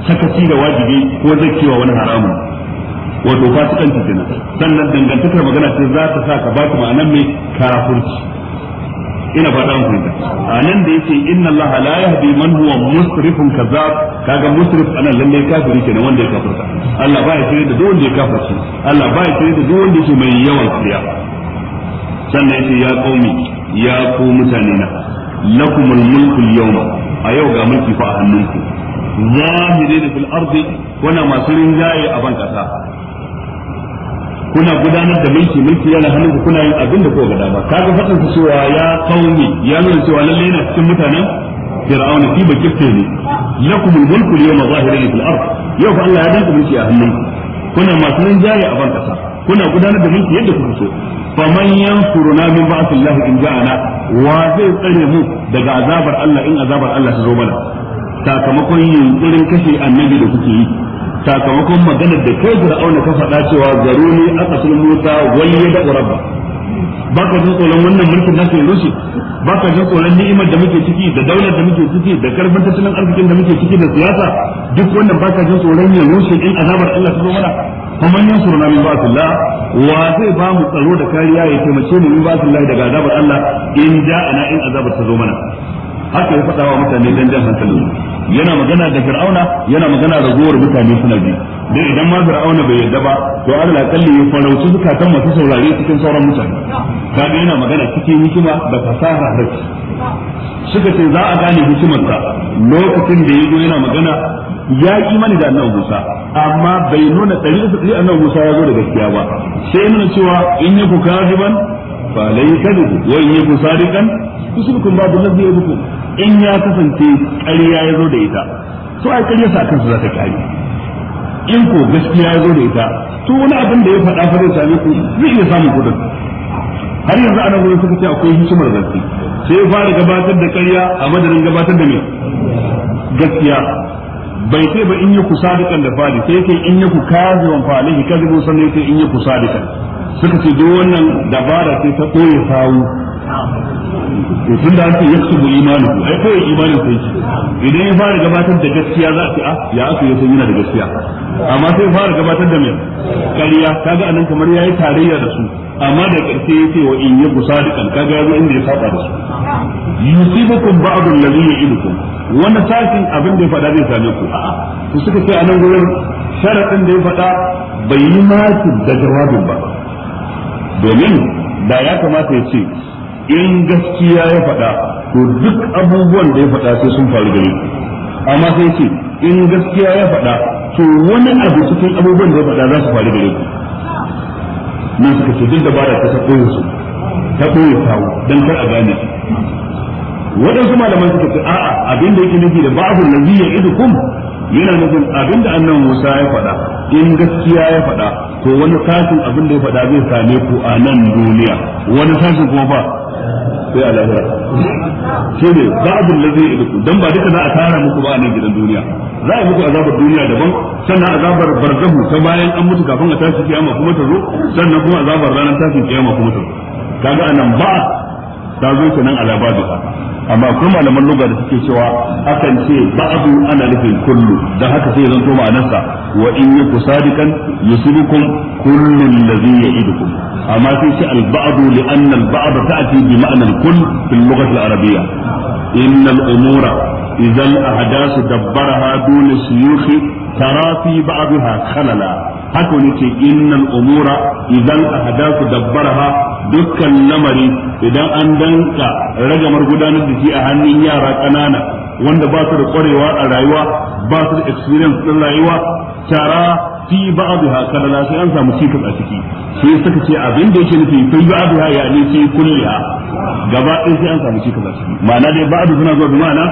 sakaci da wajibi ko zakewa wani haramun wato fasikanci kenan sannan dangantakar magana ce za ta sa ka bashi ma'anar mai kafirci ina fata mun fahimta a nan da yake inna allaha la yahdi man huwa musrifun kazzab kaga musrif anan lalle kafiri kenan wanda ya kafirta Allah ba ya shirye da duk wanda ya kafirci Allah ba ya shirye da duk wanda yake mai yawan kiriya sannan yace ya qaumi ya ku mutane na lakumul mulku yawma a yau ga mulki fa a hannunku zahirin fil ardi kuna masu rinjaye a ban kasa kuna gudanar da mulki mulki yana hannunku kuna yin abin da kowa gada ba kaga fadin su cewa ya kauni ya nuna cewa lalle yana cikin mutanen fir'auna fi bakifte ne lakum mulku al-yawma zahirin fil ard yau fa Allah ya danka mulki a hannunku kuna masu rinjaye a ban kasa kuna gudanar da mulki yadda kuke so faman yansuruna min ba'athillahi in ja'ana wa zai tsare mu daga azabar Allah in azabar Allah ta zo mana sakamakon yunkurin kashe annabi da kuke yi sakamakon maganar da kai fir'auna ka faɗa cewa garuni aqatul mota, da rabba baka jin tsoron wannan mulkin nasu ya rushe baka jin tsoron ni'imar da muke ciki da daular da muke ciki da karfin tattalin arzikin da muke ciki da siyasa duk wannan baka jin tsoron ya rushe in azabar Allah ta zo mana kuma yin surna min ba'atillah wa zai ba mu tsaro da kariya ya taimake mu min ba'atillah daga azabar Allah in ja'ana in azabar ta zo mana haka ya faɗawa wa mutane dan jan hankalin yana magana da fir'auna yana magana da gowar mutane suna bi dan idan ma fir'auna bai yarda ba to Allah kalli ya farauci zukatan masu saurare cikin sauran mutane kaga yana magana cikin hikima da fasaha da suka ce za a gane hikimarsa lokacin da ya zo yana magana ya mani da annabi Musa amma bai nuna ɗari da annabi Musa ya zo da gaskiya ba sai nuna cewa in yaku kaziban fa lai kadibu wa in kun ba yusulkum babu ya yabukum in ya kasance ƙarya ya zo da ita to ai ƙarya sa kansu za ta kare in ko gaskiya ya zo da ita to wani abin da ya faɗa fa zai same ku zai iya samun kudin har yanzu ana gurin suka ce akwai hikimar zance sai ya fara gabatar da ƙarya a madadin gabatar da me gaskiya bai ce ba in yi ku sadikan da fali sai ce in yi ku kaziwan fali ki kazibu sannan sai in yi ku sadikan suka ce duk wannan dabara ce ta koyi sawu to tun da ake yaksubu imanu ai ko imanin sai shi idan ya fara gabatar da gaskiya za a ce ah ya aka yi yana da gaskiya amma sai fara gabatar da mai kariya kaga anan kamar yayi tarayya da su amma da karshe yace wa in yi busadiqan kaga yazo inda ya saba da su yusibukum ba'd allazi yu'idukum wanda sakin abin da ya faɗa zai same ku a'a to suka ce anan gurin sharadin da ya faɗa bai yi masu da jawabin ba domin da ya kamata ya ce in gaskiya ya faɗa to duk abubuwan da ya faɗa sai sun faru gare amma sai ce in gaskiya ya faɗa to wani abu cikin abubuwan da ya faɗa za su faru gare ku na suka ce duk dabara ta koyo su ta koyo kawo don kar a gane waɗansu malaman suka ce a'a abin da yake nufi da ya idu kuma yana nufin abin da annan Musa ya faɗa in gaskiya ya faɗa to wani sashin abin da ya faɗa zai same ku a nan duniya wani sashin kuma ba sai a lahira shi ne za a zai ladzi duku don ba duka za a tara muku ba a nan gidan duniya za a yi muku azabar duniya daban sannan azabar barzahu ta bayan an mutu kafin a tashi kiyama kuma ta zo sannan kuma azabar ranar tashin kiyama kuma ta zo kaga nan ba ta zo kenan ala babu amma akwai malaman lugha da suke cewa akan ce ba'du ana nufin kullu dan haka sai zan to sa wa in yaku sadikan yusibukum kullu alladhi ya'idukum amma sai ce al ba'du li anna al ba'd ta'ti bi ma'na al kull fil lughah al arabiyya inna al umura idza al ahdath dabbaraha dun suyukh tara fi ba'daha khalala haka ne ce innal umura idan ahdathu dabbaraha dukkan lamari idan an danka ragamar gudanar da shi a hannun yara ƙanana wanda ba su da ƙwarewa a rayuwa ba su da experience din rayuwa tara fi ba'dha kadala sai an samu cikas a ciki sai suka ce abin da yake nufi fi ha ya ne ce kulliya gaba ɗaya sai an samu cikas a ciki ma'ana dai ba'du suna zuwa da ma'ana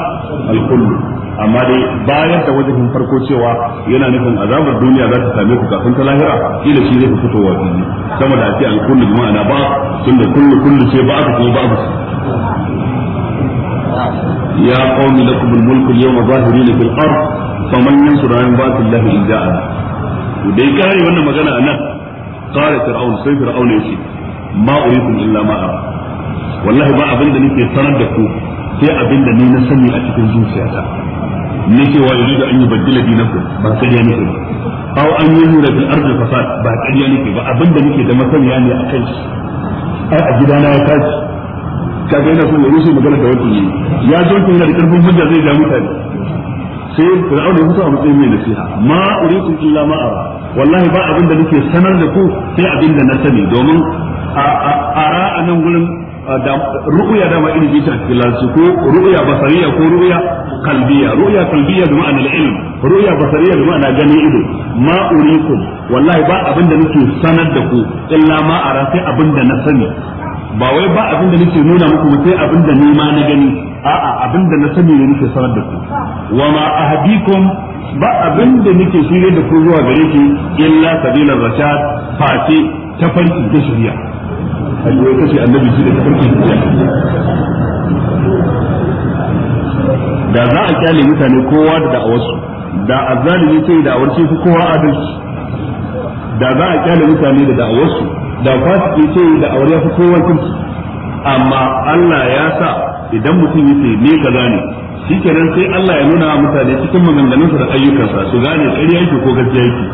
al-kullu amma dai bayan da wajen farko cewa yana nufin azabar duniya za ta same ku kafin ta lahira kila shi zai fitowa fili sama da ake alkullu kuma ana ba tunda kullu kullu ce ba ku ba ku ya qawmi lakum al alyawma zahirin fil ard faman yansur an ba'ti Allah in ja'a to dai kai wannan magana anan qala fir'aun sai fir'aun yace ma urikum illa ma ara wallahi ba abin da nake sanar da ku sai abin da ni na sani a cikin zuciyata ne ke wa yuridu an yubaddila dinakum ba kariya ke ba aw an yura bil ardi fasad ba kariya ke ba abin da nake da masaniya ne a kai ai a gidana ya tashi kaga yana son ya rushe magana da wani ya zo yana da karfin hujja zai ga mutane sai fir'aun ya fito a matsayin mai nasiha ma uriku illa ma ara wallahi ba abin da nake sanar da ku sai abin da na sani domin a ara a nan gurin ru'ya dama irin jita cikin larabci ko ru'ya basariya ko ru'ya kalbiya ru'ya kalbiya da ma'anar ilm ru'ya basariya da ma'ana gani ido ma urikum wallahi ba abin da nake sanar da ku illa ma ara sai abin da na sani ba wai ba abin da nake nuna muku sai abin da ni ma na gani a'a abin da na sani ne nake sanar da ku wa ma ahdikum ba abin da nake shirye da ku zuwa gare ki illa sabilar rashad face ta farki da shari'a a yi kashe annabi shi da kafin kishiya da za a kyale mutane kowa da da'awarsu da azalimi ce da awarci fi kowa adalci da za a kyale mutane da da'awarsu da fasiki ce da awar ya fi kowa kirki amma Allah ya sa idan mutum yace ne kaza ne kenan sai Allah ya nuna mutane cikin maganganunsa da ayyukansa su gane ƙarya yake ko gaskiya yake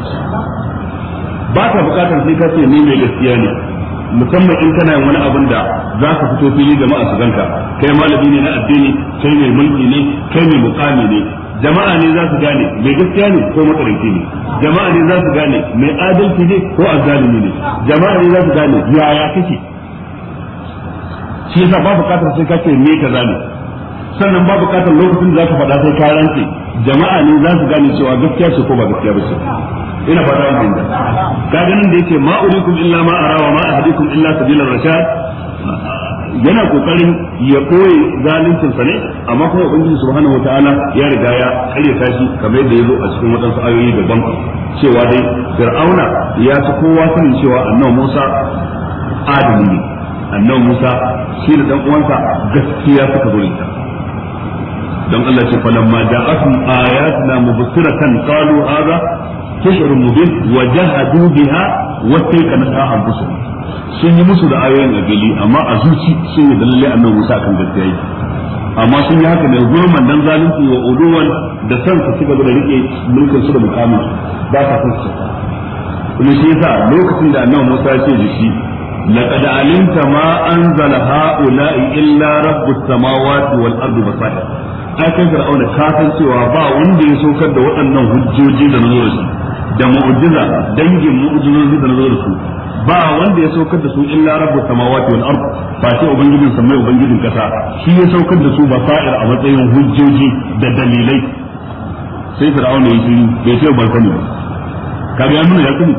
ba ta bukatar sai ka ce ni mai gaskiya ne musamman in kana yin wani abin da za ka fito fili jama'a su ganka kai malami ne na addini kai mai mulki ne kai mai mukami ne jama'a ne za su gane mai gaskiya ne ko makaranci ne jama'a ne za su gane mai adalci ne ko azalimi ne jama'a ne za su gane yaya kake shi yasa babu katar sai ka ce me ka ne sannan ba katar lokacin da za ka faɗa sai ka rantse jama'a ne za su gane cewa gaskiya ce ko ba gaskiya ba ce ina fata mun fahimta ga nan da yake ma urikum illa ma ara wa ma ahdikum illa sabilar rashad yana kokarin ya koyi zalincin sa ne amma kuma ubangiji subhanahu wataala ya riga ya kare shi kamar yadda yazo a cikin wadansu ayoyi daban cewa dai fir'auna ya ta kowa sanin cewa annabi Musa adami ne annabi Musa shi da dan uwansa gaskiya suka gure ta dan Allah ce falamma da'atun ayatuna mubsiratan qalu hadha kishir mubin wa jahadu biha wa tilka anfusum sun yi musu da ayoyin a gili amma a zuci sun yi dalilai annabi Musa kan gaskiya yake amma sun yi haka da gurman dan zalunci wa uduwan da san su cigaba da rike mulkin su da mukamin ba ta san su kuma shi yasa lokacin da annabi Musa ya ce da shi laqad alimta ma anzala haula'i illa rabbus samawati wal ardi basair ai kai fir'auna ka san cewa ba wanda ya saukar da waɗannan hujjoji da na da da mu'ujiza, dangin mu'jizozi da nazo da ba wanda ya saukar da su illa rabbu samawati wal ard ba sai ubangijin samai ubangijin kasa shi ya saukar da su ba sa'ir a matsayin hujjoji da dalilai sai fir'auna ya yi bai ce barkani ba kaga ya nuna ya sani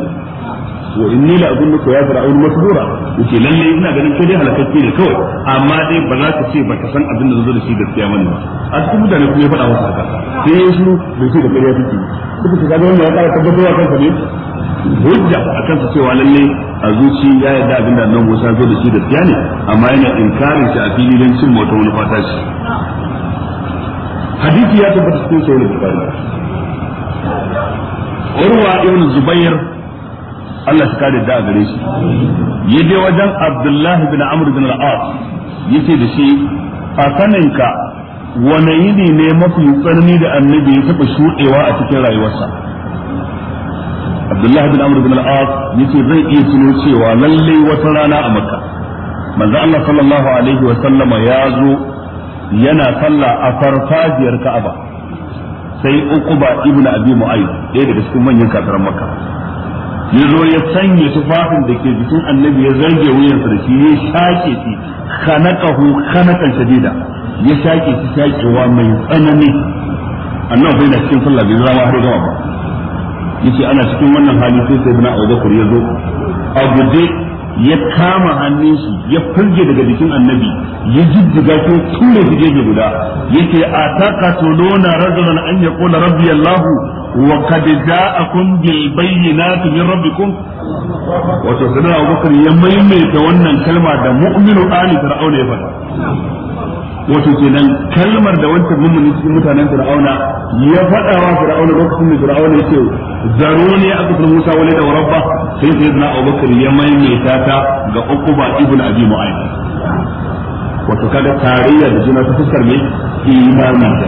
wa inni la azunnuka ya fir'aun masdura yace lalle ina ganin kai dai halakacce ne kawai amma dai ba za ka ce ba ka san abin da zo da shi gaskiya ba. a cikin mutane kuma ya faɗa masa haka sai ya shiru bai ce da kariya take da shiga wannan ya ƙara tabbatarwa kan ne hujja a su cewa lalle a zuci ya yarda abin da nan Musa zo da shi gaskiya ne amma yana inkarin shi a fili don cin mota wani fata shi hadisi ya tabbata cikin sahih bukhari urwa ibn zubair Allah shi kare da gare shi yaje wajen Abdullahi bin Amr bin al-As yace da shi a saninka wane yini ne mafi tsanani da annabi ya taba shudewa a cikin rayuwarsa Abdullahi bin Amr bin al-As yace zai iya tuno cewa lalle wata rana a Makka manzo Allah sallallahu alaihi wa sallama ya zo yana sallah a farfajiyar Ka'aba sai Uqba ibn Abi Mu'ayyid ɗaya daga cikin manyan kafiran Makka ya zo ya sanya tufafin da ke jikin annabi ya zarge wuyansa da shi ya shaƙe shi khanaqahu khanaqan shadida ya shaƙe shi shaƙewa mai tsanani annabi bai na cikin sallah bai zama har gaba ba yace ana cikin wannan hali sai sai ibn Abu ya zo a guje ya kama hannun shi ya furge daga jikin annabi ya jiddiga shi tura shi gefe guda yace ataqatuluna rajulan an kula rabbi allah wa qad ja'akum bil bayyinati min rabbikum wato sanan abubakar ya maimaita wannan kalma da mu'minu ali fir'auna ya faɗa wato kenan kalmar da wancan mummuni cikin mutanen fir'auna ya faɗa wa fir'auna lokacin da fir'auna ya ce zaro ne aka fi musa wani da rabba sai sai na abubakar ya maimaita ta ga ukuba ibn abi mu'ayyid wato kaga tarayya da juna ta fuskar ne imani da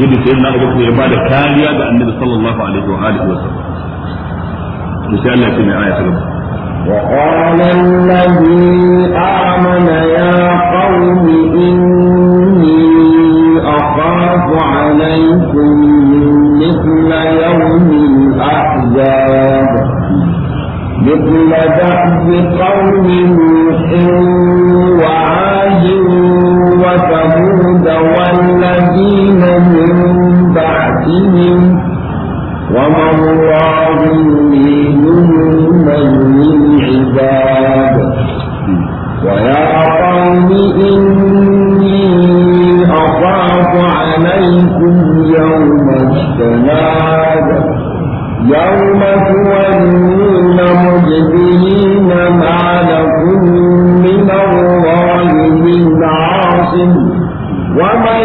yadda sai na abubakar ya bada kariya ga annabi sallallahu alaihi wa alihi wa sallam to sai ya ce mai aya ta gaba وقال الذي آمن يا إني أخاف عليكم مثل يوم الأحزاب مثل قوم وعاد والذين من بعدهم وما عباد ويا قوم السناد يوم تولون مجبرين ما لكم من الله من عاصم ومن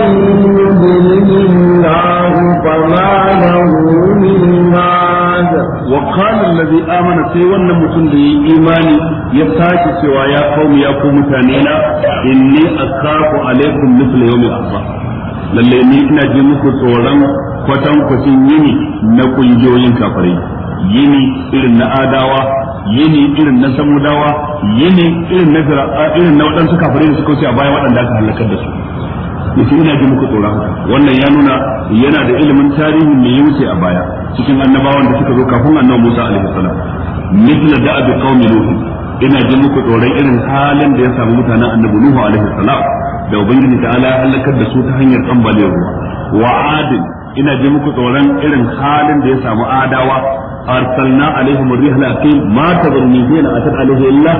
يضلل الله فما له من هاد وقال الذي آمن سيوان مسلم إيماني يفتاك سوى يا قوم يا قوم ثانينا إني أخاف عليكم مثل يوم الأحزاب lalle ni ina ji muku tsoron kwatankwacin yini na kungiyoyin kafirai yini irin na adawa yini irin na samudawa yini irin na irin na waɗansu kafirai da suka wuce a baya waɗanda aka halakar da su yace ina ji muku tsoron wannan ya nuna yana da ilimin tarihin mai ya wuce a baya cikin annabawan da suka zo kafin annabi Musa alaihi salam mithla da abi qaumi lut ina ji muku tsoron irin halin da ya samu mutanen annabi Nuhu alaihi salam da ubangiji ta'ala halakar da su ta hanyar ambaliyar ruwa wa ina ji muku tsoron irin halin da ya samu adawa arsalna alaihim ar-rihla aqim ma tadruni fiha atad alaihi illa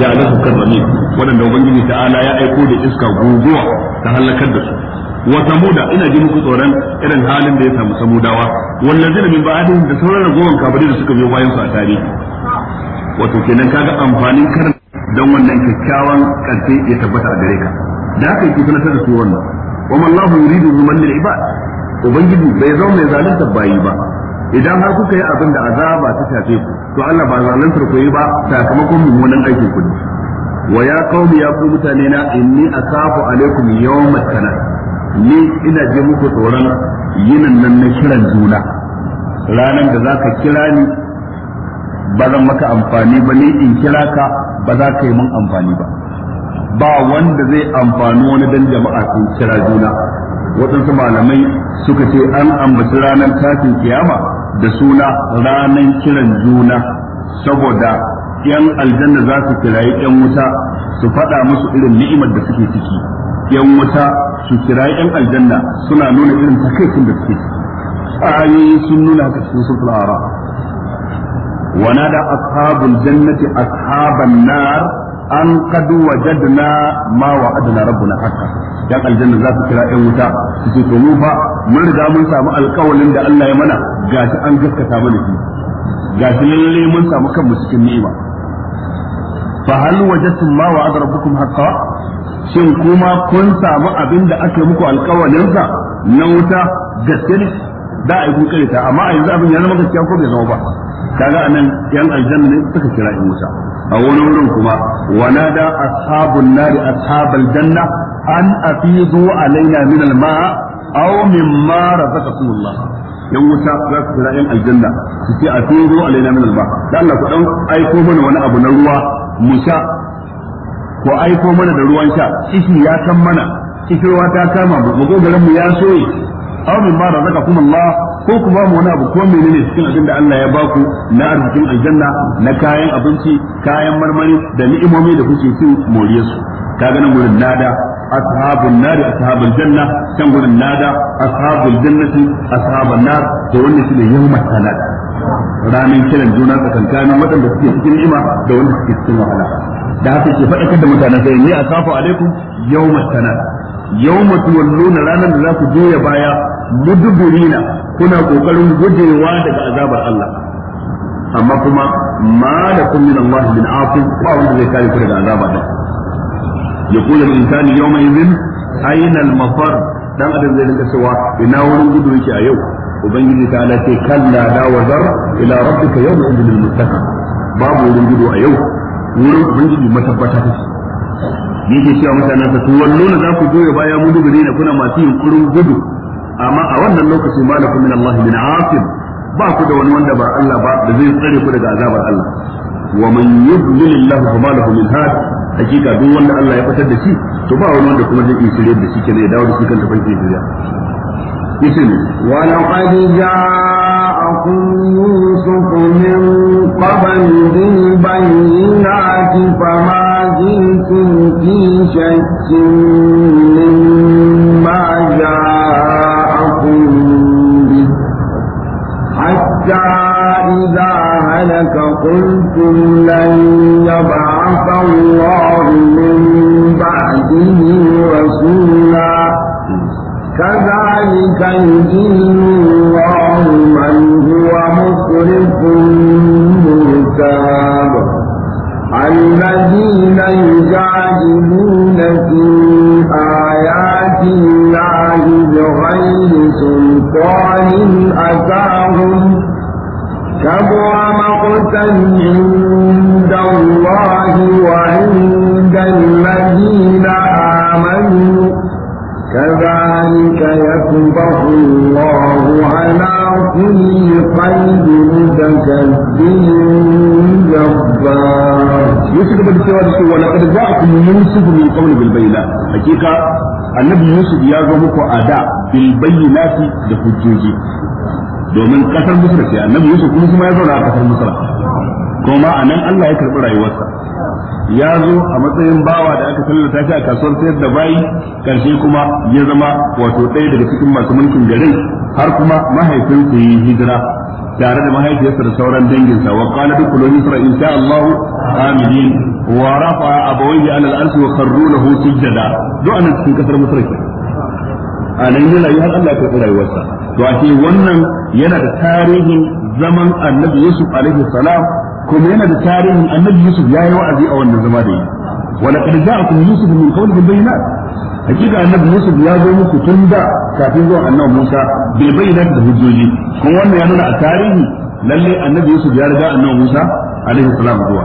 ja'alahu karramin wadanda ubangiji ta'ala ya aiko da iska guguwa ta halakar da su wa samuda ina ji muku tsoron irin halin da ya samu samudawa wallazina min ba'dihim da sauran ragowan kafiri da suka biyo bayan su a tarihi wato kenan kaga amfanin karin don wannan kyakkyawan karfi ya tabbata a gare ka da haka yake tunatar da su wannan wa mallahu yuridu liman lil ibad ubangiji bai zama mai zalunta bayi ba idan har kuka yi abin da azaba ta shafe ku to Allah ba zaluntar ku yi ba sakamakon mummunan aikin ku wa ya qaumi ya ku mutane na inni asafu alaikum yawmat kana ni ina ji muku tsoron yinan nan na kiran juna ranan da zaka kira ni ba zan maka amfani ba ni in kira ka ba za ka yi min amfani ba ba wanda zai amfani wani dan jama'a sun kira juna waɗansu malamai suka ce an ambaci ranar tashin kiyama da suna ranar kiran juna saboda yan aljanna za su kirayi yan wuta su faɗa musu irin ni'imar da suke ciki yan wuta su kirayi yan aljanna suna nuna irin takaicin da suke ciki ayoyi sun nuna haka cikin suratul Wana da أصحاب jannati أصحاب النار an qad wajadna ma adna rabbuna hakka dan aljanna za su kira ɗan wuta su ce to mu fa mun riga mun samu alƙawalin da Allah ya mana gashi an gaskata mana shi gashi lalle mun samu kanmu cikin ni'ima fa hal wajadtum ma wa'ada rabbukum hakka shin kuma kun samu abin da aka muku alƙawalin sa na wuta gaske ne da a yi kun ta amma a yanzu abin ya zama gaskiya ko bai zama ba kaga anan yan aljanna ne suka kira ɗan wuta a wani wurin kuma wana da ashabun nari ashabal janna an afizu alaina min alma aw mimma razaqakumullah yan wuta za su kira yan aljanna su ce afizu alaina min alma dan Allah ku dan aiko mana wani abu na ruwa mu sha ko aiko mana da ruwan sha kishi ya san mana kishirwa ta kama mu gogaran mu ya soye aw mimma razaqakumullah ko ku ba mu wani abu ko mene ne cikin abin da Allah ya ba ku na arzikin aljanna na kayan abinci kayan marmari da ni'imomi da kuke ci moriyar su kaga nan gurin nada ashabun nari ashabul janna kan gurin nada ashabul jannati ashabun nar to wannan shine yawmat salat ranar kiran juna tsakankanin waɗanda suke cikin ni'ima da wanda suke cikin wahala da haka ke faɗakar da mutanen sai ni asafu alaikum yawmat salat yawma walluna ranar da za ku juya baya mudubirina kuna kokarin gujewa daga azabar Allah amma kuma ma da kun min Allah min afi ba wanda zai kare ku daga azaba da kula da insani yawma idhin aina al-mafar dan adam zai rinka cewa ina wurin gudu yake a yau ubangiji ta ala ce kalla la wazar ila rabbika yawma idhin al-mustaqa babu wurin gudu a yau wurin ubangiji matabbata take yake cewa mutanen sa su wallo za ku goye baya mu dubure ne kuna masu yin kurun gudu amma a wannan lokaci malakum min Allah min afim ba ku da wani wanda ba Allah ba da zai tsare ku daga azabar Allah wa man yudlil Allah fama lahu min had hakika duk wanda Allah ya fitar da shi to ba wani wanda kuma zai iya da shi kenan ya dawo da shi kan tafarkin shirya yace ne wa laqad ja'akum yusuf min qabl bil bayyinati fama زلتم في شك مما جاء حتى إذا هلك قلتم لن يبعث الله من بعده رسولا كذلك يدين الله من هو مسرف مرتاب الذين يجادلون في آيات الله بغير سلطان أتاهم كبر مقتا عند الله وعند الذين آمنوا كذلك يطبخ الله على كل قلب متكبر Yusuf bai cewa da cewa laƙar za a kuma Yusuf mai kawai bilbaila hakika annabi Yusuf ya zo muku a da bilbaila da hujjoji domin kasar Misra ce annabi Yusuf kuma kuma ya zauna a kasar Misra kuma a nan Allah ya karɓi rayuwarsa ya zo a matsayin bawa da aka tallata shi a kasuwar sayar da bayi karshe kuma ya zama wato ɗaya daga cikin masu mulkin garin har kuma mahaifinsa yi hijira tare da mahaifiyarsa da sauran danginsa wa qala dukulu misra in sha Allah aminin wa rafa abawayhi ala al-arsh wa kharru lahu sujada duk anan cikin kasar Misra ke a nan yana yi har Allah ya karɓi rayuwarsa to a ce wannan yana da tarihin zaman annabi yusuf alaihi salam kuma yana da tarihin annabi yusuf ya yi wa'azi a wannan zama da yi wa laqad ja'akum yusuf min qawlihi bayyinat hakika annabi yusuf ya zo muku tun da kafin zuwa annabi musa bai bayyana da hujjoji kuma wannan ya nuna a tarihi lalle annabi yusuf ya riga annabi musa alaihi salam zuwa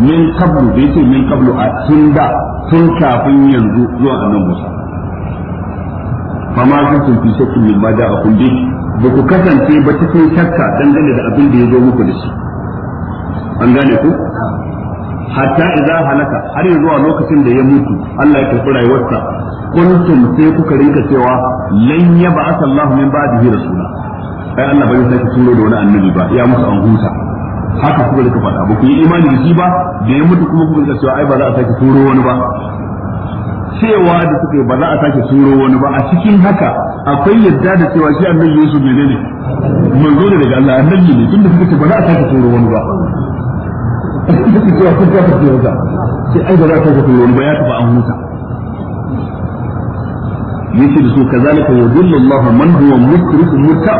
min qablu bai ce min qablu a tun da tun kafin yanzu zuwa annabi musa fama kuntum fi shakkin mimma ja'akum bihi ba ku kasance ba cikin shakka dangane da abin da ya zo muku da shi an gane ku hatta idza halaka har yanzu a lokacin da ya mutu Allah ya karɓi rayuwarsa kuntum sai kuka rinka cewa lan yab'ath Allah min ba'dihi rasula ai Allah bai sai turo da wani annabi ba ya musu an huta haka kuka rinka faɗa ba ku yi imani da shi ba da ya mutu kuma kuka rinka cewa ai ba za a sake turo wani ba cewa da suka ba za a sake turo wani ba a cikin haka akwai yadda da cewa shi annabi Yusuf ne manzo ne daga Allah annabi ne tunda suka ce ba za a saka tsoro wani ba suka ce kun ta tsoro ba sai ai ba za a saka tsoro wani ba ya tafi an huta yace da su kazalika yudillu Allah man huwa musrifun mutta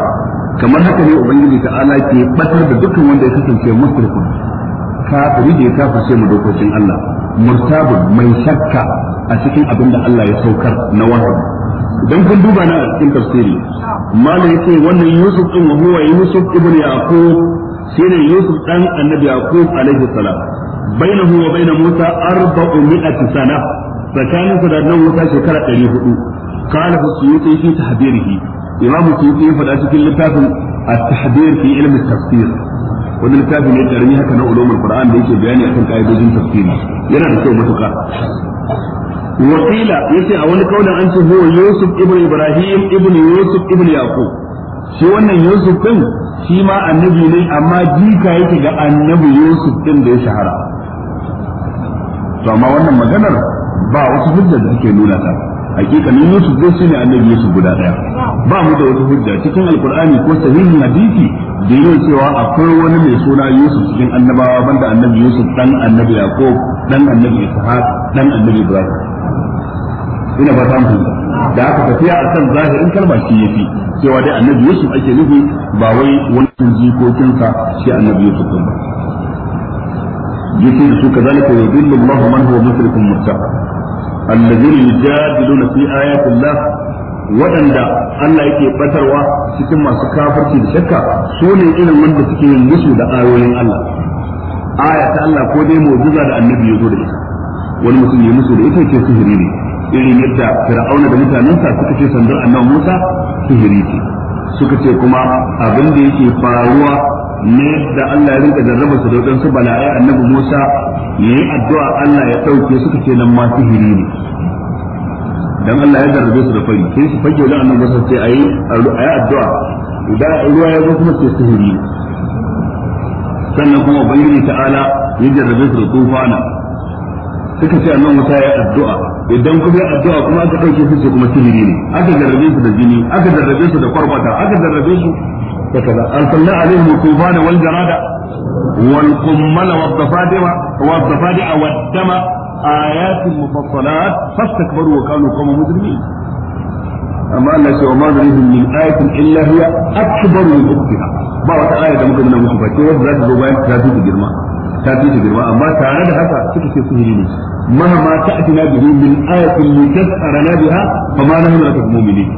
kamar haka ne ubangiji ta ala ke batar da dukkan wanda ya kasance Ka kafiri da ya kafirce mu dokokin Allah murtabun mai shakka a cikin abin da Allah ya saukar na wahayi dan kun duba na a cikin tafsiri malam yace wannan yusuf din wa huwa yusuf ibn yaqub shine yusuf dan annabi yaqub alaihi salam bainahu wa bain musa 400 sana tsakanin sa da nan musa shekara 400 قال السيوطي في تحذيره إمام السيوطي فدا cikin littafin at-tahdir fi ilm at-tafsir wani littafi ne karami haka na ulumul qur'an da yake bayani akan kaidojin tafsiri yana da kyau matuƙa wakila yace a wani kaulin an ce huwa yusuf ibn ibrahim ibn yusuf ibn yaqub shi wannan yusuf din shi ma annabi ne amma jika yake ga annabi yusuf din da ya shahara to amma wannan maganar ba wasu hujja da take nuna ta hakikanin yusuf dai shine annabi yusuf guda daya ba mu da wata hujja cikin alkur'ani ko sahihin hadisi da yake cewa akwai wani mai suna yusuf cikin annabawa banda annabi yusuf dan annabi yaqub dan annabi ishaq dan annabi ibrahim ina ba ta mutunta da aka tafiya a kan zahirin kalma shi yafi cewa dai annabi yusuf ake nufi ba wai jikokin jikokinsa shi annabi yusuf ba yake da su kazalika yudillu Allahu man huwa musrifun mustaqim alladhina yujadiluna fi ayati Allah waɗanda Allah yake batarwa cikin masu kafirci da shakka su ne irin wanda suke yin musu da ayoyin Allah aya ta Allah ko dai mu'jiza da annabi ya zo da ita wani mutum ya musu da ita ce sihiri ne irin yadda fir'auna da mutanensa suka ce sandar annabi Musa sihiri ce suka ce kuma abin da yake faruwa ne da Allah ya rinka jarraba su da wadansu bala'ai annabi Musa yayi addu'a Allah ya dauke suka ce nan ma sihiri ne dan Allah ya jarrabe su da fari sai su fage da annabi Musa sai ayi ayi addu'a idan ruwa ya zo kuma sai sihiri sannan kuma ubangiji ta'ala ya jarrabe su da tufana suka ce annabi Musa ya addu'a idan kuma ya addu'a kuma aka ɗauke su ce kuma sihiri ne aka jarrabe su da jini aka jarrabe su da kwarkwata aka jarrabe su da kaza arsalna alaihim tufana wani jarada wal qummal wad dafadi'a wad dafadi'a wad dama ayatin mufassalat fastakbaru wa kanu qawma mujrimin amma Allah ya ce wa ma zarihim min ayatin illa hiya akbaru min ba wata aya da muka nuna musu ba ce wanda za ta zo bayan ta fi girma ta fi ta girma amma tare da haka suka ce sihiri ne mahama ta atina bihi min a biya mutasarana biha fama nahnu lakum mu'minin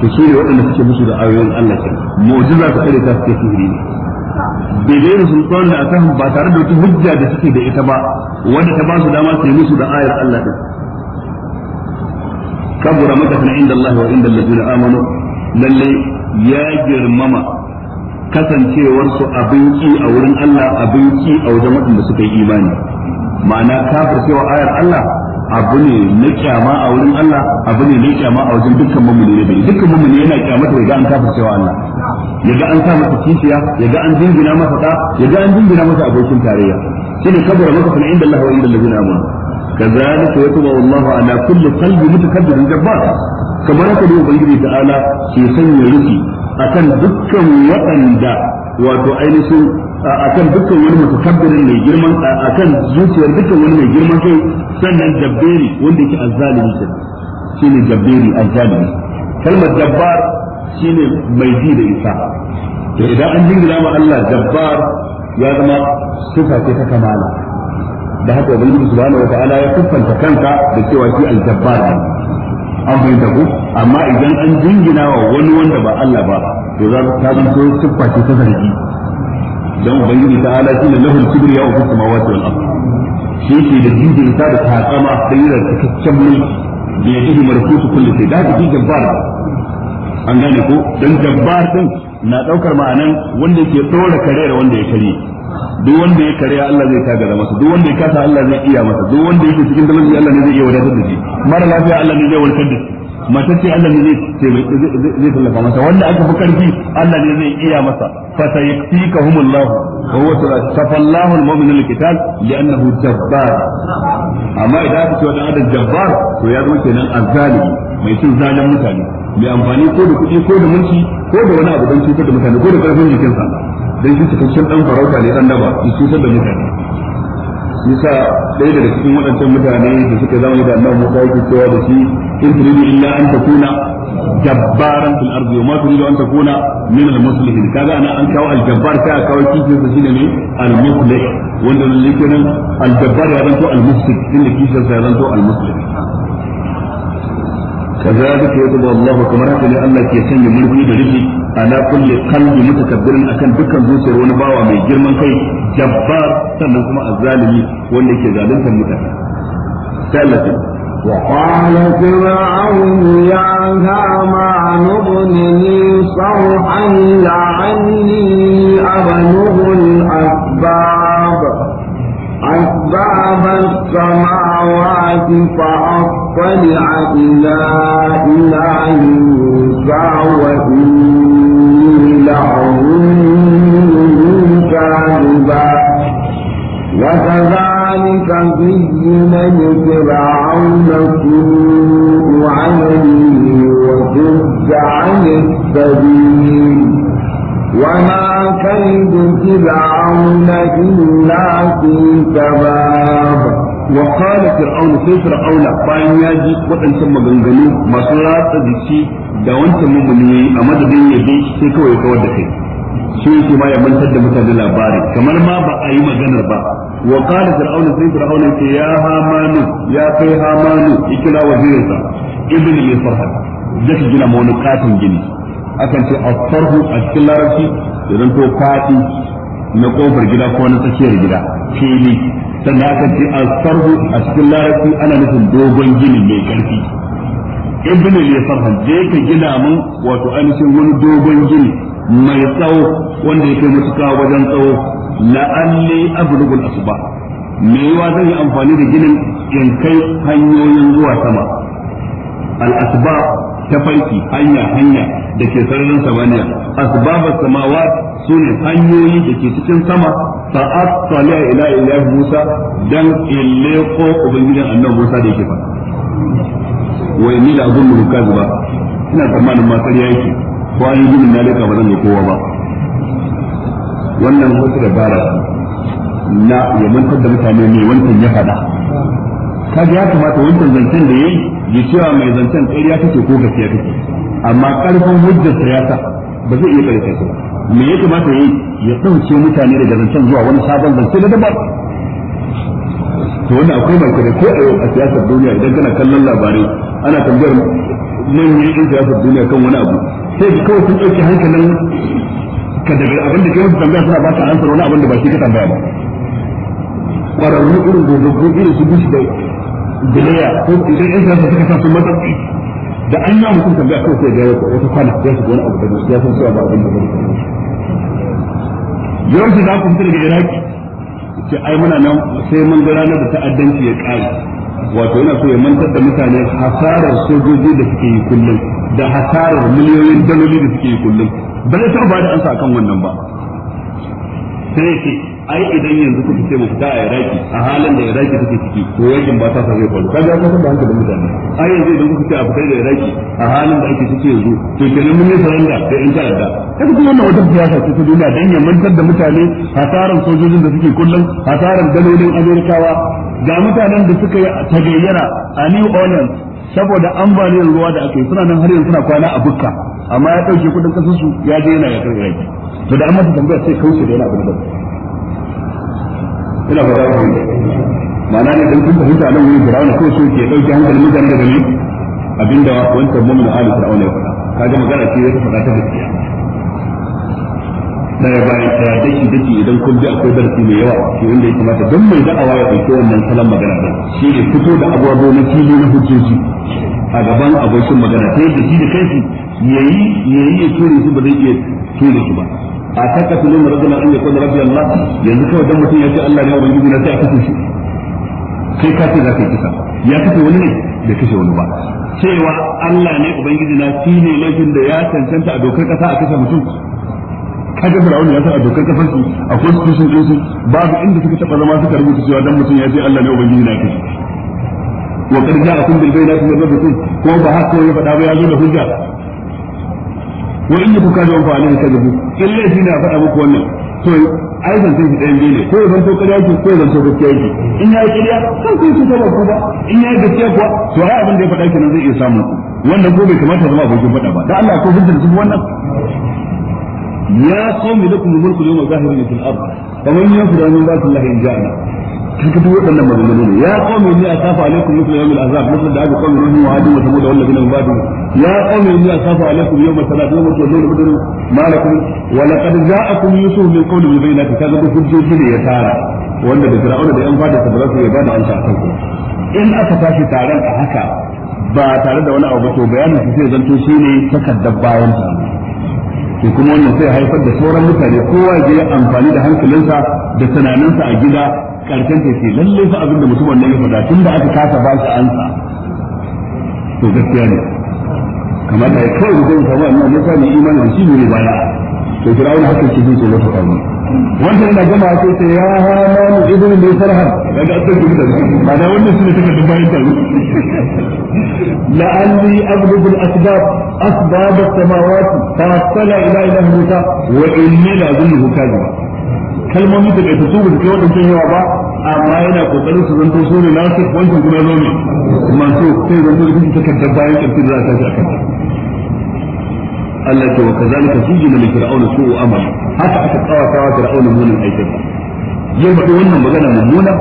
to su ne waɗanda suke musu da ayoyin Allah kan mu'jiza ta kare ta suke sihiri ne bidai sun tsawon da akan ba tare da wata hujja da suke da ita ba wanda ta ba su dama su yi musu da ayar Allah din kabura mata kana inda Allah wa inda alladhina amanu lalle ya girmama kasancewarsu abin ki a wurin Allah abin ki a wajen waɗanda suka yi imani ma'ana kafir cewa ayar Allah abu ne na kyama a wurin Allah abu ne na kyama a wajen dukkan mamuni ne bai dukkan mamuni yana kyamata yaga an kafir cewa Allah yaga an sa masa kishiya yaga an jingina masa da yaga an jingina masa abokin tarayya shine kabura maka fa inda Allah wa inda allazina amanu kazalika yatba Allahu ala kulli qalbi mutakabbirin jabbar kamar haka ne ubangiji ta'ala ke sanya rufi akan dukkan waɗanda wato ainihin akan dukkan wani mutakabbirin mai girman akan zuciyar dukkan wani mai girman kai sannan jabberi wanda yake azzalimi shine jabberi azzalimi kalmar jabbar shine mai ji da isa to idan an jingina Allah jabbar ya zama sifa ta kamala da haka ubangiji subhanahu wataala ya kuffanta kanka da cewa shi aljabbar ne an fahimta ku amma idan an jingina wa wani wanda ba Allah ba to za ta zanto siffa ce ta zargi dan ubangiji ta'ala shi ne lahul kibriya wa fis samawati wal ardh shi ke da jinjinta da takama da yirar cikakken mulki da ya ihi marfusu kullu sai da haka shi jabbar an gane ko dan jabbar din na ɗaukar ma'anan wanda ke ɗora kare da wanda ya karye. duk wanda ya kare Allah zai tagara masa duk wanda ya kasa Allah zai iya masa duk wanda yake cikin talauci Allah ne zai iya wadatar da shi mara lafiya Allah ne zai warkar da shi matacce Allah ne zai tallafa masa wanda aka fi karfi Allah ne zai iya masa fa sayaktikahumullahu wa huwa tafallahu almu'minu liqital li'annahu jabbar amma idan aka ce wa dan adam jabbar to ya zama kenan azzalimi mai cin zalin mutane mai amfani ko da kuɗi ko da mulki ko da wani abu don cutar da mutane ko da ƙarfin jikinsa don shi cikakken ɗan farauta ne ɗan daba ya cutar da mutane yasa ɗaya daga cikin waɗancan mutane da suka zama da annabi Musa yake cewa da shi in turidu illa an takuna jabbaran fil ardi wa ma turidu an takuna min al muslihin kaga ana an kawo al jabbar sai a kawo kishin sa shine ne al muslih wanda ne kenan al jabbar ya zanto al muslih inda kishin sa ya zanto al muslih كذلك يطبع الله كما رحمه الله كي يسن يملكني برفي على كل قلب متكبر أكن دكا زوسر ونباوى من جرمان كي جبار سنكما الظالمي واللي كي ظالم سنمتها ثالثا وقال فرعون يا هامان ابن لي صرحا لعلي أبلغ الأسباب أسباب السماوات فأصبح أطلع إلى إله موسى وإني لأظنه كاذبا وكذلك زين لفرعون سوء عمله وصد عن السبيل وما كيد فرعون إلا في تباب wa qala fir'aun sai fir'aun bayan yaji waɗancan maganganu masu ratsa jiki da wancan mummuni yayi a madadin ya bi sai kawai ya kawar da kai shi ya mantar da mutane labarin kamar ma ba a yi maganar ba wa qala fir'aun sai fir'aun ce ya hamanu ya kai hamanu ikila wazirinsa ibn li farhat zai gina ma wani katin gini akan ce asfarhu a cikin larabci da zanto fadi na ƙofar gida ko na tsakiyar gida fili sannan aka ce sarhu a cikin larabci ana nufin dogon gini mai karfi ibn al-yasarhan je ka gina mun wato ainihin wani dogon gini mai tsawo wanda yake mutuka wajen tsawo la'alli ablugu al-asba me yawa zan yi amfani da ginin in kai hanyoyin zuwa sama al-asba ta farki hanya hanya da ke sararin samaniya asbabas samawat sune hanyoyi da ke cikin sama fa asali ila ilahi Musa dan ille ko ubangijin annabi Musa da yake faɗa wa inni la azunnu kaziba ina tsammanin ma ƙarya yake ko an yi gudun na leka ba zan kowa ba wannan wasu dabara na ya mantar da mutane mai wancan ya faɗa kaga ya kamata wancan zancen da yayi ya cewa mai zancen ƙarya take ko gaskiya take amma ƙarfin hujjar siyasa ba zai iya ƙarfafa ba me ya kamata yi ya dauke mutane daga zancen zuwa wani sabon zance na dabar to wannan akwai mai kare ko a yau a siyasar duniya idan kana kallon labarai ana tambayar manyan yin siyasar duniya kan wani abu sai ka kawai sun ɗauki hankalin ka daga abin da ke wasu tambaya suna ba ka ansar wani abin da ba shi ka tambaya ba ƙwararru irin gogaggo irin su bishi da gilaya ko idan yan siyasa suka sa sun matsatsi da an yi mutum tambaya kawai sai ga wata kwana ya shiga wani abu da ya san cewa ba abin da ba shi za ku fita daga iraki ce ai muna nan sai mun ga ranar da ta'addanci ya ƙare wato yana so ya mantar da mutane hasarar sojoji da suke yi kullum da hasarar miliyoyin daloli da suke yi kullum ba zai taɓa ba da ansa akan wannan ba sai ce ai idan yanzu kuka ce mu fita a Iraki a halin da Iraki take ciki to yakin ba ta zai faru kaga ka san da hankali mutane ai yanzu idan kuka ce a fitar da Iraki a halin da ake ciki yanzu to kenan mun yi saranda da in ta'adda kaga kuma wannan wata siyasa ce ta duniya dan ya mantar da mutane hasaran sojojin da suke kullum hasaran dalolin Amerikawa ga mutanen da suka yi tagayyara a New Orleans saboda ambaliyar ruwa da aka yi suna nan har yanzu suna kwana a bukka amma ya dauke kudin kasansu ya je yana kai Iraki to da amma su tambaya sai kauce da yana abin ina fata ku ma'ana ne dan kun fahimta nan wurin fir'auna ko so ke dauke hankalin mutane daga ne abinda wancan mu'minu ali fir'auna ya faɗa kaga magana ce ya faɗa ta gaskiya na ya bayan ta daki daki idan kun bi akwai darasi mai yawa shi wanda ya kamata don mai da'awa ya ɗauki wannan salon magana ɗin shi ne fito da abubuwa na fili na hujjoji a gaban abokin magana ta yadda shi da kanshi yayi yayi ya ture su ba zai iya ture su ba a taka su ne marajin an yi kwallo rabbi Allah yanzu kawai dan mutum ya ce Allah ne wani bangi na sai a kashe shi sai ka ce za ka yi kisa ya kashe wani ne da kashe wani ba cewa Allah ne ubangiji na shi ne laifin da ya cancanta a dokar kasa a kashe mutum kaga fir'auna ya sa a dokar kasar su a constitution din su babu inda suka taba zama suka rubuta cewa dan mutum ya ce Allah ne ubangiji na kashe wa qad ja'akum bil bayyinati min rabbikum ko ba haka ya faɗa ba ya zo da hujja wa in yaku kaza fa alaihi kadhibu in laifi na faɗa muku wannan to ai zan sai ɗayan biyu ne ko zan to kariya ki ko zan to gaskiya ki in ya yi kariya kan ku ku ba ku ba in ya yi gaskiya kuwa to ai abin da ya faɗa ki nan zai iya samu wannan ko bai kamata zama abokin faɗa ba da Allah ko hujjar su wannan يا قوم لكم الملك اليوم ظاهرين fil الارض فمن man من ذات الله in ja'a cikin duk waɗannan maganganu ne ya qawmi inni asafu alaikum mithla yawm al-azab mithla da aka qawmi nuhu wa adu wata thamud wal ladina min ba'dihim ya qawmi inni asafu alaikum yawm al-salat yawm tuzun bidun ma lakum wa laqad ja'akum yusuf min qawli bi bainati kaga duk hujjoji ne ya tara wanda da fir'auna da yan fada ta ba ya bada ansa a kanku. in aka tashi taron a haka ba tare da wani abu ba to bayanin su sai zanto shine takaddar bayan ta ke kuma wannan sai haifar da sauran mutane kowa ya amfani da hankalinsa da tunaninsa a gida karshen ta ce lalle fa abinda mutum wannan ya faɗa tun da aka kasa ba shi ansa to gaskiya ne kamar da kai mutum samu annabi ya sani imanin shi ne baya to fir'auna haka ke jin tsoro ta kawo wanda yana gama sai ce ya hamanu ibnu bi farhan daga asali da ba da wannan shine take da bayan ta la'alli abdu bil asbab asbab as-samawati fa asala ila ilahi musa wa inni la azunhu kadhiba kalmomi da ita su ba su kai wadancan yawa ba amma yana kokarin su zanto su ne nasu wancan kuma zo ne masu sai zanto da kuma takardar bayan karfin da za ta a kanta Allah ke wa kazalika sujina li fir'auna su'u amal haka aka tsawata wa fir'auna munin aikin yau faɗi wannan magana mummuna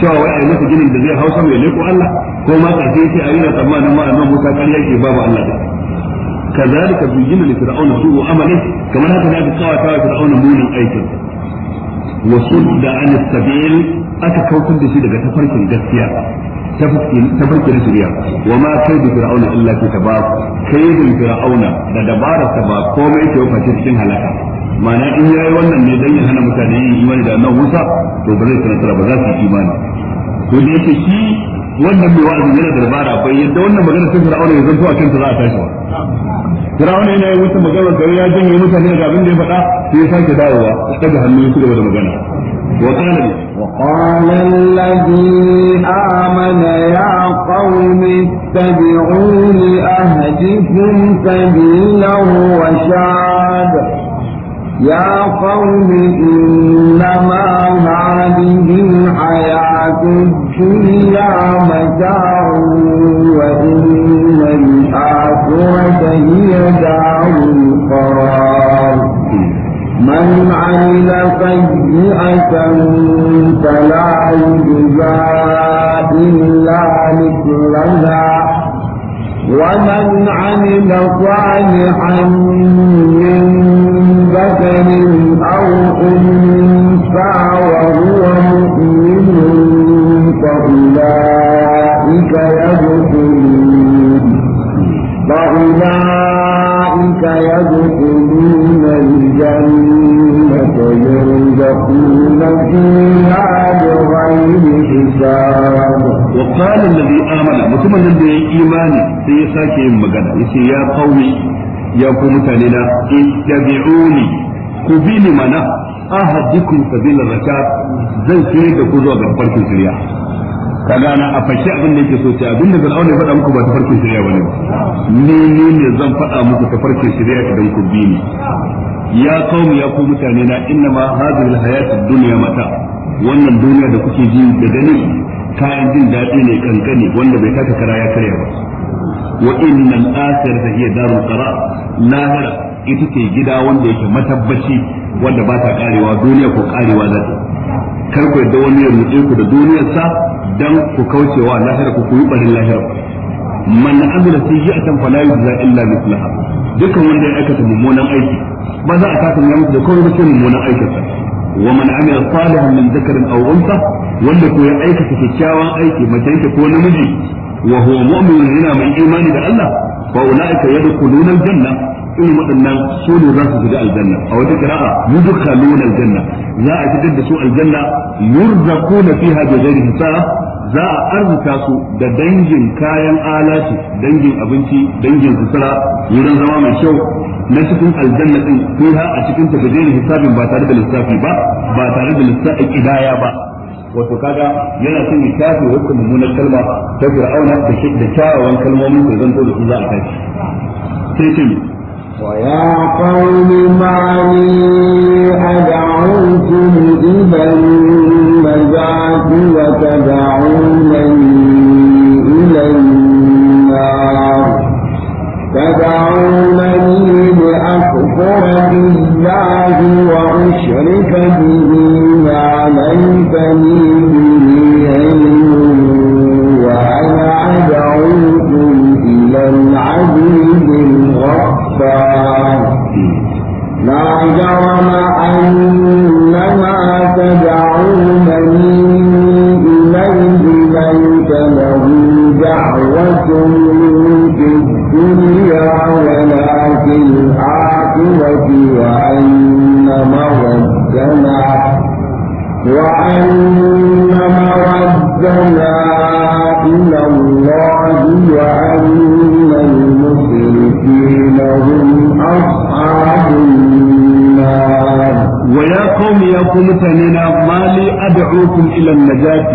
cewa wai a yi masa ginin da zai hausa mai leko Allah ko ma ƙarshe sai a yi na tsammanin ma annan Musa ƙarya ke babu Allah da kazalika sujina li fir'auna su'u amal kamar haka ne aka tsawata wa fir'auna munin aikin wa sudda an sabil aka kaukun da shi daga tafarkin gaskiya tafarkin na wa ma kai da fir'auna illa fi tabaq kai da fir'auna da dabarar ta ba komai ke fashe cikin halaka ma'ana in yayi wannan ne dan ya hana mutane yin imani da nan Musa to ba zai tsara ba za su yi imani ko da yake shi wannan mai wa'azi yana da dabara bai yadda wannan magana ta fir'auna ya zanto a kanta za a tashi ba fir'auna yana yi wata magana gari ya janye mutane daga abin da ya faɗa sai ya sake dawowa daga hannu ya ci gaba da magana wa kana وقال الذي آمن يا قوم اتبعون أهدكم سبيلا وشاد يا قوم إنما هذه الحياة الدنيا متاع وإن الآخرة هي دار القرار من عمل سيئة فلا يجزى إلا مثلها ومن عمل صالحا من ذكر أو أنثى وهو مؤمن فأولئك يدخلون فأولئك يدخلون Inzan da ta yi rinƙa suna zina da wannan su saba. Waƙar al-Nabi'a mana mutumin da ya ku bi ni mana. An haɗu kun sabilla Rasha, zan shirya ta gudu a gaban kaga na a fashe abin da yake so ce abin da fir'auna ya faɗa muku ba ta shari'a shirya ni ne ne zan faɗa muku tafarkin shari'a idan ku bi ni ya kaumi ya ku mutane na inna ma hadhihi alhayatud dunya mata wannan duniya da kuke ji da gani kayan jin daɗi ne kankani wanda bai taka kara ya karya ba wa innal akhirata hiya darul qarar lahira ita ce gida wanda yake matabbaci wanda ba ta karewa duniya ko karewa za ta kar ku yadda wani ya nutse ku da duniyarsa dan ku kaucewa lahira ku yi barin lahira man amila sayyi'atan fala yujza illa mithlaha dukkan wanda ya aikata mummunan aiki ba za a taka mai da kawai mutum mummunan aikinsa wa man amila salihan min dhakarin aw wanda ko ya aikata kyakkyawan aiki mace ko namiji wa huwa yana mai imani da Allah fa ulaika yadkhuluna al-janna irin waɗannan su ne za su shiga aljanna a wata qira'a yudkhaluna aljanna za a fitar da su aljanna yurzaquna fiha bi ghairi hisab za a arzuta su da dangin kayan alati dangin abinci dangin sutura wurin zama mai kyau na cikin aljanna din fiha a cikin ta gajeren hisabin ba tare da lissafi ba ba tare da lissafi kidaya ba wato kaga yana son ya wata mummunar kalma ta fir'auna da kyawawan kalmomin da zanto da su za a sai ce ويا قوم ما لي أدعوكم إذا النجاة وتدعونني إلى النار تدعونني لأكفر بالله وأشرك به ما ليس لي به علم وأنا أدعوكم إلى العدل الأبصار جرم أنما تدعونني إليه دعوة في الدنيا في الآخرة وأن وأن مردنا إلى الله وأن فإنهم أصحاب النار ويا قوم يا قوم تنينا ما لي أدعوكم إلى النجاة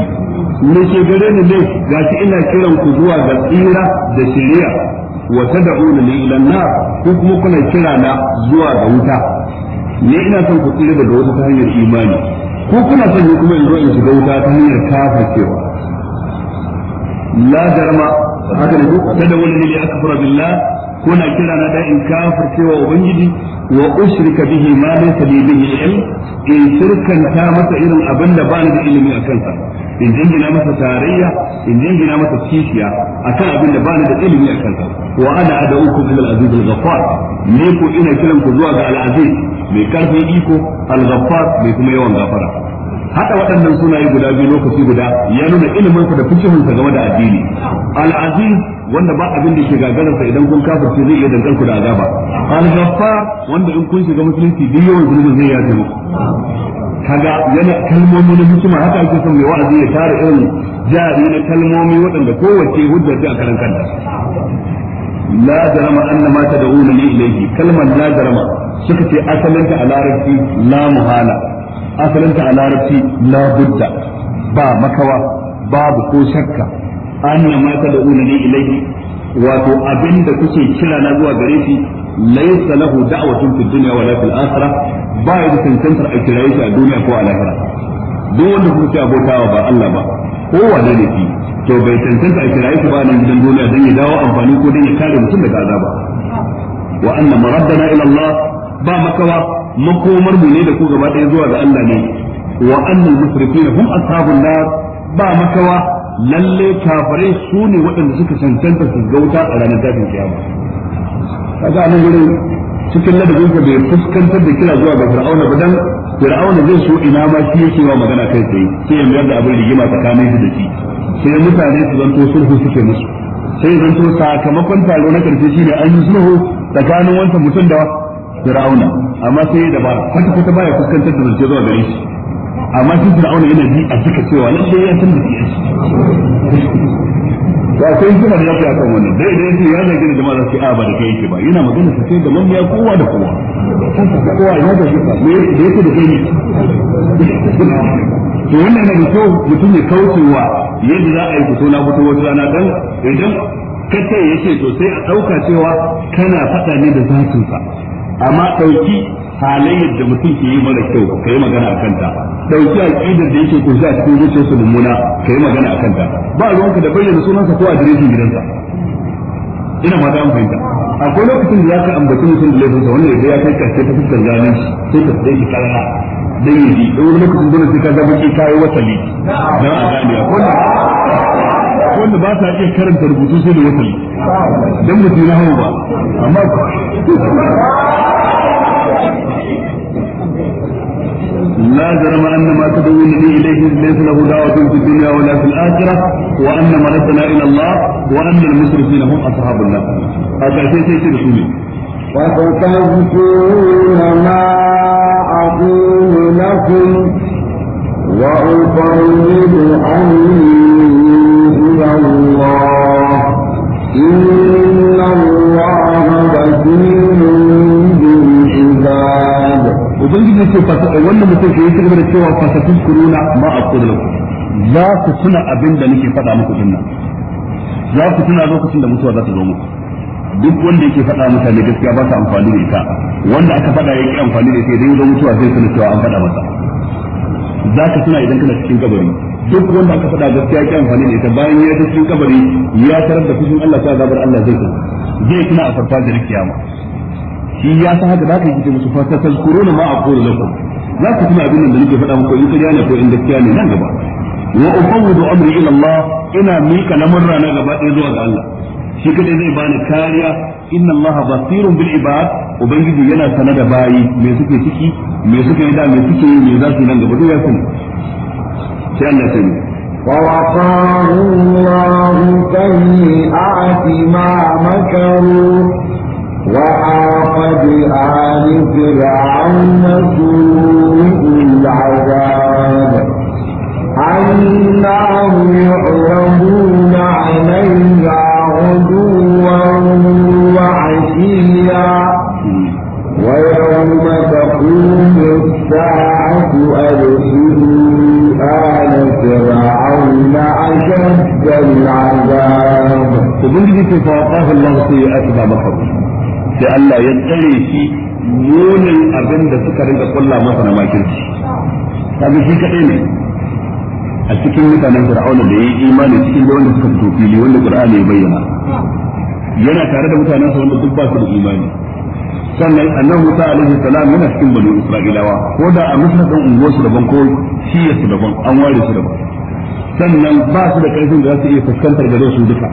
nake gare ni dai gashi ina kiran ku zuwa ga tsira da shari'a wa tad'una na ne an-nar ku kuma kuna kira na zuwa ga wuta ne ina son ku tsira daga wasu ta hanyar imani ko kuna son ne kuma in zo in shiga wuta ta hanyar cewa? Na jarma haka ne kada wani ne ya kafara billah kuna kira na da in kafirce ubangiji wa ushrika bihi ma laysa li bihi ilm in shirkanta masa irin abin da ba ni da ilimi a kansa in jingina masa tarayya in jingina masa kishiya akan abin da ba ni da ilimi a kansa wa ana ad'ukum ila al-aziz al-ghaffar ne ku ina kiran ku zuwa ga al-aziz mai karfin iko al-ghaffar mai kuma yawan gafara Haɗa waɗannan sunaye guda biyu lokaci guda ya nuna ilimin ku da fikihun game da addini al-aziz wanda ba abin da ke gagarar sa idan kun kafirce zai iya dankan ku da azaba al-ghaffar wanda in kun shiga musulunci duk yawan zunubin zai yafe muku kaga yana kalmomi na mutuma haka ake son mai wa'azi ya tara irin jari na kalmomi waɗanda kowace hujja ce a karan kanta la jarama anna ma tad'una ilayhi kalmar la jarama suka ce asalin ta a larabci la muhala asalinta a larabci la ba makawa babu ko shakka an anna ma tad'una ni ilayhi wato abinda kuke kira na zuwa gare shi laysa lahu da'watun fid dunya wala fil akhirah ba ya tantantar a kiraye shi a duniya ko a lahira duk wanda kuke abotawa ba Allah ba kowa da ne to bai tantanta a kiraye shi ba nan gidan duniya dan ya dawo amfani ko dan ya kare mutum daga azaba wa anna maraddana ila Allah ba makawa makomar mu ne da ku gaba ɗaya zuwa ga Allah ne wa annal musrifin hum ashabun nar ba makawa lalle kafirai su ne waɗanda suka cancanta su gauta a ranar tashin kiyama kaga nan gurin cikin ladabin ka bai fuskantar da kira zuwa ga fir'auna ba dan fir'auna zai so ina ma shi yake wa magana kai tsaye sai ya mayar da abin rigima tsakanin shi da shi sai mutane su zanto sulhu suke musu sai zanto sakamakon taro na karshe shine an yi sulhu tsakanin wancan mutum da fir'auna amma sai ya dabara kwata kwata baya fuskantar da zance zuwa gare shi amma shi fir'auna yana ji a duka cewa nan sai ya san da shi to akwai kuma da yake akan wannan dai dai shi ya zage da jama'a zaki a ba da kai yake ba yana magana sai da mun ya kowa da kowa kowa ya da shi ba da yake da kai ne to wannan ne da kyau mutum ya kaucewa yadda za a yi fito na fito wata rana dan idan kace yake to sai a dauka cewa kana fada ne da zatinsa amma ɗauki halayyar da mutum ke yi mara kyau ka yi magana a kanta ɗauki aƙidar da yake kunshi a cikin zuciyarsa mummuna ka yi magana a kanta ba ruwanka da bayyana sunansa ko adireshin gidansa ina ma an fahimta akwai lokacin da zaka ambaci mutum da laifinsa wanda ya ya kai karshe ta fuskar shi sai ka tsaye ki karara dan yi ji dan wani lokacin dole sai ka zama ki kayo wasali na a gane ko da wanda ba ta iya karanta rubutu sai da wasali dan mutum na hawa ba amma لا جرم أن ما تدعونني إليه ليس له دعوة في الدنيا ولا في الآخرة وأن مردنا إلى الله وأن المسرفين هم أصحاب النار هذا شيء شيء رسولي وتكذبون ما أقول لكم وأقرب أمري إلى الله إن الله بصير ubangiji ce wannan mutum ke yi cigaba da cewa fasatun kuruna ma a kullum za ku tuna abin da nake faɗa muku din nan za ku tuna lokacin da mutuwa za ta zo muku duk wanda yake faɗa mutane gaskiya ba ta amfani da ita wanda aka faɗa yake amfani da ita idan ya zo mutuwa zai tuna cewa an faɗa masa za ka tuna idan kana cikin kabari duk wanda aka faɗa gaskiya yake amfani da ita bayan ya ta cikin kabari ya tarar da fushin Allah ta zabar Allah zai tuna zai tuna a da kiyama shi ya sa haka da ka yi musu fa a ma aqulu lakum za ku tuna abin da nake faɗa muku in kariya ne ko in gaskiya ne nan gaba wa ufawwidu amri ila Allah ina mika lamurra na gaba ɗaya zuwa ga Allah shi kadai zai bani kariya inna Allah basirun bil ibad ubangiji yana sanar da bayi me suke ciki me suke yi da me suke yi me za su nan gaba duk ya sani sai Allah ya sani ووقاه الله سيئات ما مكروا وحاق بآل فرعون سوء العذاب أنهم يعرضون عليها غدوا وعشيا ويوم تقوم الساعة أرسلوا آل فرعون أشد العذاب. تقول وبنجد فوقاه الله سيئة ما مكروا. sai Allah ya tsare shi munin abin da suka rinka kulla masa na makirci kaga shi kadai ne a cikin mutanen fir'auna da ya yi imani cikin da wanda suka fito fili wanda qur'ani ya bayyana yana tare da mutanen sa wanda duk ba su da imani sannan annabi Musa alaihi salam yana cikin bani Isra'ilawa ko da a Misra dan ungo su daban ko shi shiyar su daban an ware su daban sannan ba su da karfin da za su iya fuskantar gare su duka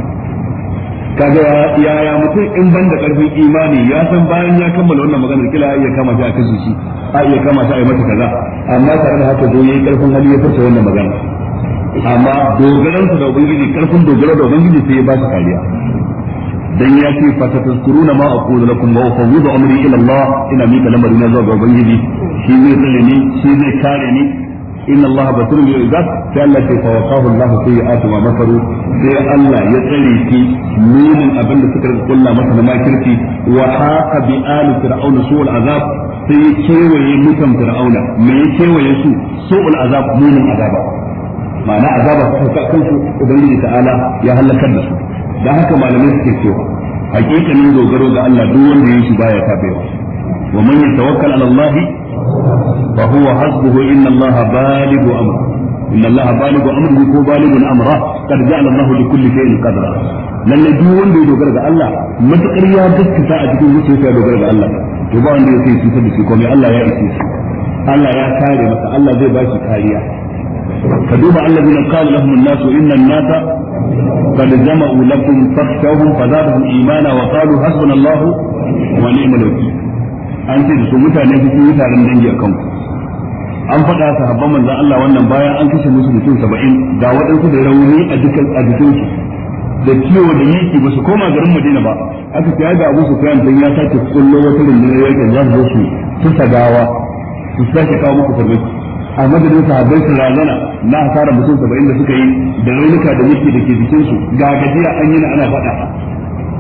kaga yaya mutum in ban da karfin imani ya san bayan ya kammala wannan maganar kila iya kama shi a kan shi a iya kama shi a yi mata kaza amma tare da haka zo yayi karfin hali ya furta wannan magana amma dogaran su da ubangiji karfin dogaro da ubangiji sai ya ba shi kariya dan ya ce fa tatazkuruna ma aqulu lakum wa ufawwidu amri ila Allah ina da lamarin zuwa ga ubangiji shi zai tsare ni shi zai kare ni inna Allah batul bil ibad sai Allah ce fa Allah sayyi'ati ma makaru sai Allah ya tsare ki nunin abin da suka kulla masa na makirci wa haqa bi ali fir'auna su'ul azab sai ya kewaye mutan fir'auna me ya kewaye su su'ul azab nunin azaba ma'ana azaba ka kansu ubangiji ta'ala ya halakar da su dan haka malamai suke cewa hakikanin dogaro ga Allah duk wanda ya shi baya kafewa wa man yatawakkal ala Allah fa huwa hasbuhu inna Allah baligu amr inna Allah balighu amrihi ko balighu amra qad ja'ala Allahu li kulli shay'in qadra lalle duk wanda ya dogara ga Allah matakar ya gaskata a cikin zuciyarsa ya dogara ga Allah to ba wanda ya sai cutar da shi komai Allah ya ishe shi Allah ya kare masa Allah zai ba shi kariya ka duba na qala lahum an-nas inna an-nasa qad jama'u lakum fakhshawhum fazadahum imana wa qalu hasbunallahu wa ni'mal wakeel an ce da su mutane su yi taron dangi akan ku an faɗa sahabban manzan Allah wannan bayan an kashe musu mutum saba'in ga waɗansu da rauni a jikin a jikin da ciwo da yiki ba su koma garin Madina ba aka ga Abu Sufyan dan ya sake kullo wata rundunar yankin za su zo su su sagawa su sake kawo muku farmaki a madadin sahabbai su razana na hasara mutum saba'in da suka yi da raunuka da yiki da ke jikin ga gajiya an yi na ana faɗa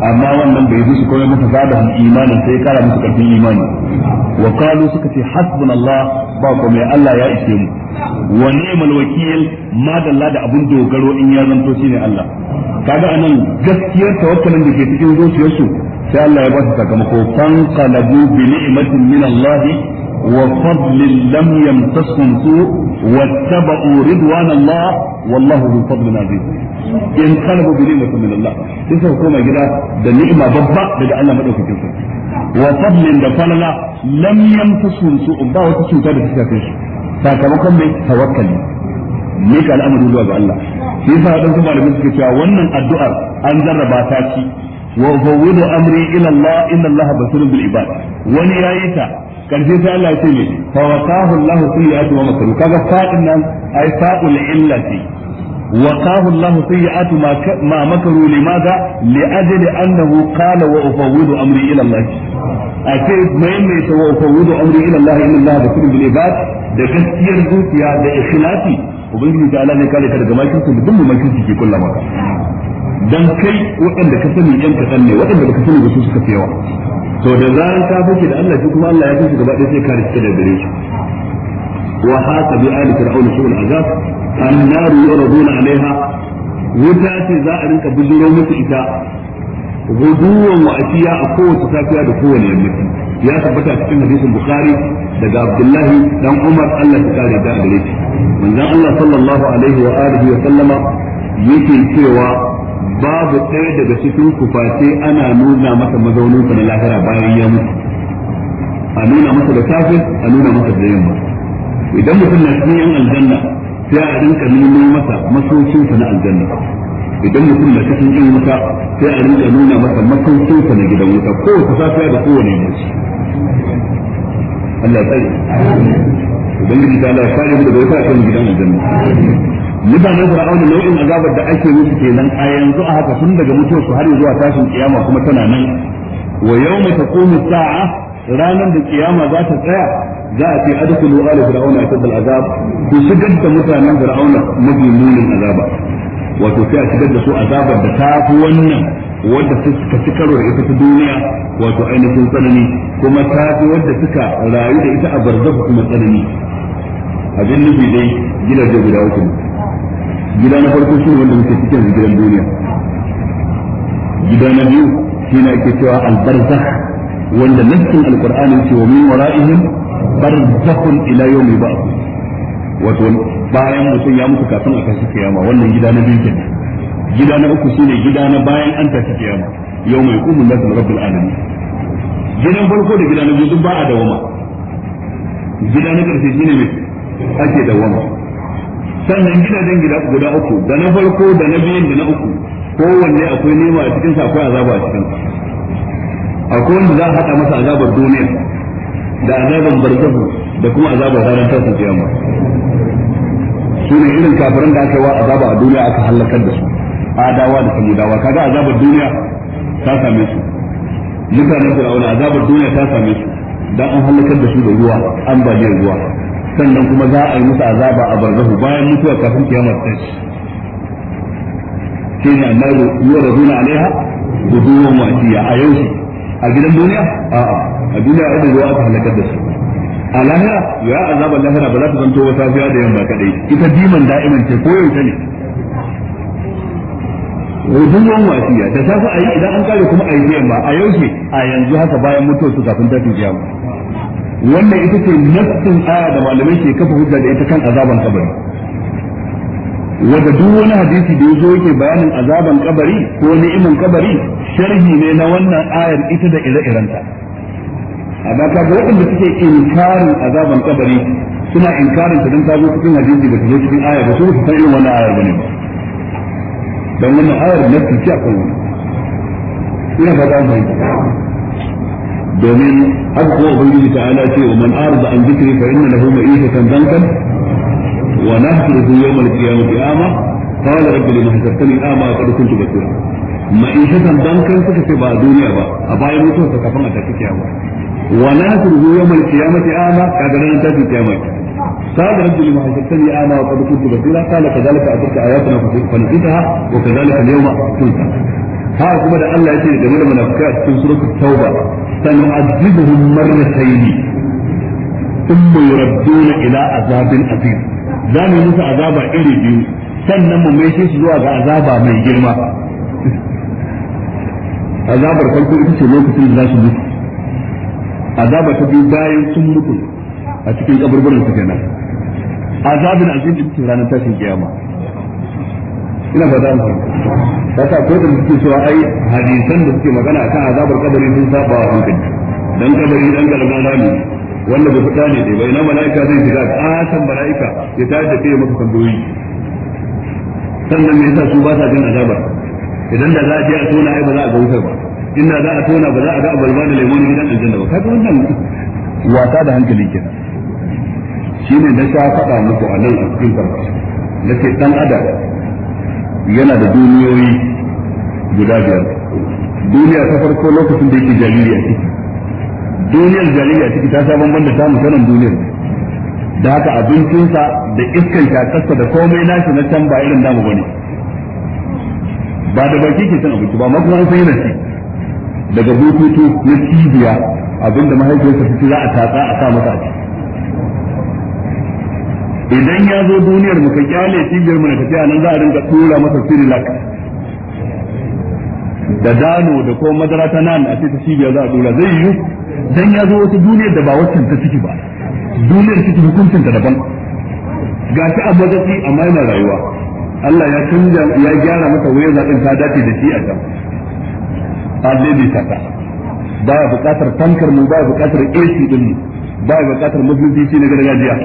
amma wannan bai zuci ko musu zada hum imanin sai kara musu karfin imani wa qalu suka ce hasbunallah ba ko mai Allah ya ishe mu wa ni'mal wakil madalla da abun dogaro in ya zanto shine Allah kaga anan gaskiyar tawakkalin da ke cikin zuciyarsu sai Allah ya ba su sakamako fanqalabu bi ni'matin min Allah wa fadlin lam yamtasum واتبعوا رضوان الله والله ذو فضل عظيم in kalabu bi ni'mati min Allah in suka koma gida da ni'ima babba daga Allah madaukakin sarki wa fadlin da falala lanyan yamtasun su ba wata cuta da ta shafe su sakamakon mai tawakkali mika al'amari zuwa ga Allah shi yasa wadansu malamai suke cewa wannan addu'ar an jarraba ta ci wa fawwidu amri ila Allah inna Allah basirun wani yayi ta karshe sai Allah ya ce ne fa waqahu Allah sayyi'ati a ta Allah inna da gaskiyar zuciya da ubangiji ta ala ne kare ka daga makirci da dukkan makirci ke kulla maka dan kai waɗanda ka sani yan kaɗan ne waɗanda baka sani ba su suka fi yawa to da zaran ka fake da Allah shi kuma Allah ya kashi gaba ɗaya sai kare ka da gare shi wa haka bi ali fir'auna shul azab annaru yuraduna alaiha wuta ce za a rinka bujiro musu ita guduwan wa ashiya a kowace safiya da kowane yammaci ya tabbata cikin hadisin bukhari daga abdullahi dan umar Allah ta kare da gare shi manzon Allah sallallahu alaihi wa alihi wa sallama yake cewa babu ɗaya daga cikin ku face ana nuna masa mazaunin sa na lahira bayan ya mutu a nuna masa da safe a nuna masa da yamma idan mutum na cikin yan aljanna sai a rinka nuna masa masaukin sa na aljanna idan mutum na cikin yan wuta sai a rinka nuna masa masaukin sa na gidan wuta kowace safiya da kowane yanci Allah ya tsaye. ubangiji ta Allah ya kare mu daga wata kan gidan aljanna mutanen fir'auna nau'in azabar da ake musu kenan a yanzu a haka tun daga mutuwar su har zuwa tashin kiyama kuma tana nan wa yawma taqumu sa'a ranar da kiyama za ta tsaya za a ce adkhulu ala fir'auna ashad al'azab ku shigar da mutanen fir'auna mafi munin azaba wato sai a shigar da su azabar da ta fi wannan wadda suka ci karo da ita ta duniya wato ainihin tsanani kuma ta fi wadda suka rayu da ita a barzahu kuma tsanani abin nufi dai gidaje guda uku ne gida na farko shi wanda muke cikin gidan duniya gida na biyu shi ne ake cewa albarzakh wanda nassin alqur'ani ce wa min wara'ihim barzakhun ila yawmi ba'th wato bayan mutum ya mutu kafin a kashi kiyama wannan gida na biyu kenan gida na uku shine gida na bayan an tafi kiyama yawma yaqumu nasu rabbul alamin gidan farko da gida na biyu duk ba a dawama gida na karshe shine mai ake dawama sannan gidajen gida guda uku da na farko da na biyun da na uku kowanne akwai nema a cikinsa akwai azaba a cikin. akwai wanda za a haɗa masa azabar duniya da azabar barzahu da kuma azabar ranar tashin kiyama su ne irin kafirin da aka yi wa azaba a duniya aka halakar da su adawa da samudawa kaga azabar duniya ta same su mutanen fir'auna azabar duniya ta same su dan an halakar da su da ruwa an ambaliyar ruwa sannan kuma za a yi musu azaba a barzahu bayan mutuwa kafin kiyama ta tashi shine annabi da zuna alaiha zuwa wasiya a yau a gidan duniya a'a a duniya idan zuwa aka halakar da su a lahira ya azabar lahira ba za ta zanto wata fiya da yamma kadai ita diman da'iman ce ko yau ta ne yawan wasiya da safi a yi idan an kare kuma a yi yamma a ce a yanzu haka bayan mutuwa su kafin tafi kiyama wannan ita ce nassin aya da malamai ke kafa hujja da ita kan azaban kabari wanda duk wani hadisi da yazo yake bayanin azaban kabari ko ni'iman kabari sharhi ne na wannan ayar ita da ire-irenta amma ga waɗanda suke inkarin azaban kabari suna inkarin ta don ta zo cikin hadisi ba ta zo cikin aya ba su san irin wannan ayar bane ba dan wannan ayar nassi ce a wannan ina fata mai domin haka kuma ubangiji ta ala ce wa man arda an zikri fa inna lahu ma'ishatan dankan wa nahsuruhu yawm al-qiyamati ama qala rabbi lima hasabtani ama qad kuntu basira ma'ishatan dankan suka ce ba duniya ba a bayan mutuwar ta kafin a tafi kiyama wa nahsuruhu yawm al-qiyamati ama kaga nan tafi kiyama قال رب لما حسبتني اعمى وقد كنت بصيرا قال كذلك اتتك اياتنا فنسيتها وكذلك اليوم تنسى ها kuma da Allah ya ce game da munafikai a cikin suratul سنعذبهم مرتين ثم يردون إلى عذاب أزيم زان يموت عذابا إلي بيو sannan mu mai su a ga azaba mai girma azabar farko ita ce lokacin da za su mutu azaba ta biyu bayan sun mutu a cikin kaburburan su kenan azabin ita ce ranar ina kasa ko da suke cewa ai hadisan da suke magana akan azabar kabari sun saba wa hankali dan kabari dan galgala ne, wanda ba fita ne bai na mala'ika zai shiga kasan mala'ika ya ta da kai maka tambayoyi sannan me yasa su ba sa jin azaba idan da za a je a tona ai ba za a ga wutar ba inna za a tona ba za a ga abalba da lemon gidan aljanna ba kaga wannan wasa da hankali kenan shine na sha faɗa muku a nan a cikin farko nake dan adam yana da duniyoyi guda biyar duniya ta farko lokacin da yake jariri a ciki duniyar jariri a ciki ta sha bamban da samun sanin duniyar da haka abincinsa da iskan shakarsa da komai nashi na can ba irin damu bane ba da baki ke san abinci ba amma kuma an san yana ci daga bututu na cibiya abinda mahaifiyarsa ta za a tatsa a sa masa a ciki idan ya zo duniyar mu ka kyale cibiyar mu na tafiya nan za a rinka tura masa sirilak da dano da ko madara ta nan a ce ta za a dora zai yiwu dan ya zo wata duniyar da ba wacce ta ciki ba duniyar ciki hukuncin ta daban ga shi a mazafi amma yana rayuwa Allah ya canja ya gyara masa wayar zaɓin ta dace da shi a can a daidaita ta ba ya buƙatar tankar mu ba ya buƙatar AC din mu ba ya buƙatar mazubi na gargajiya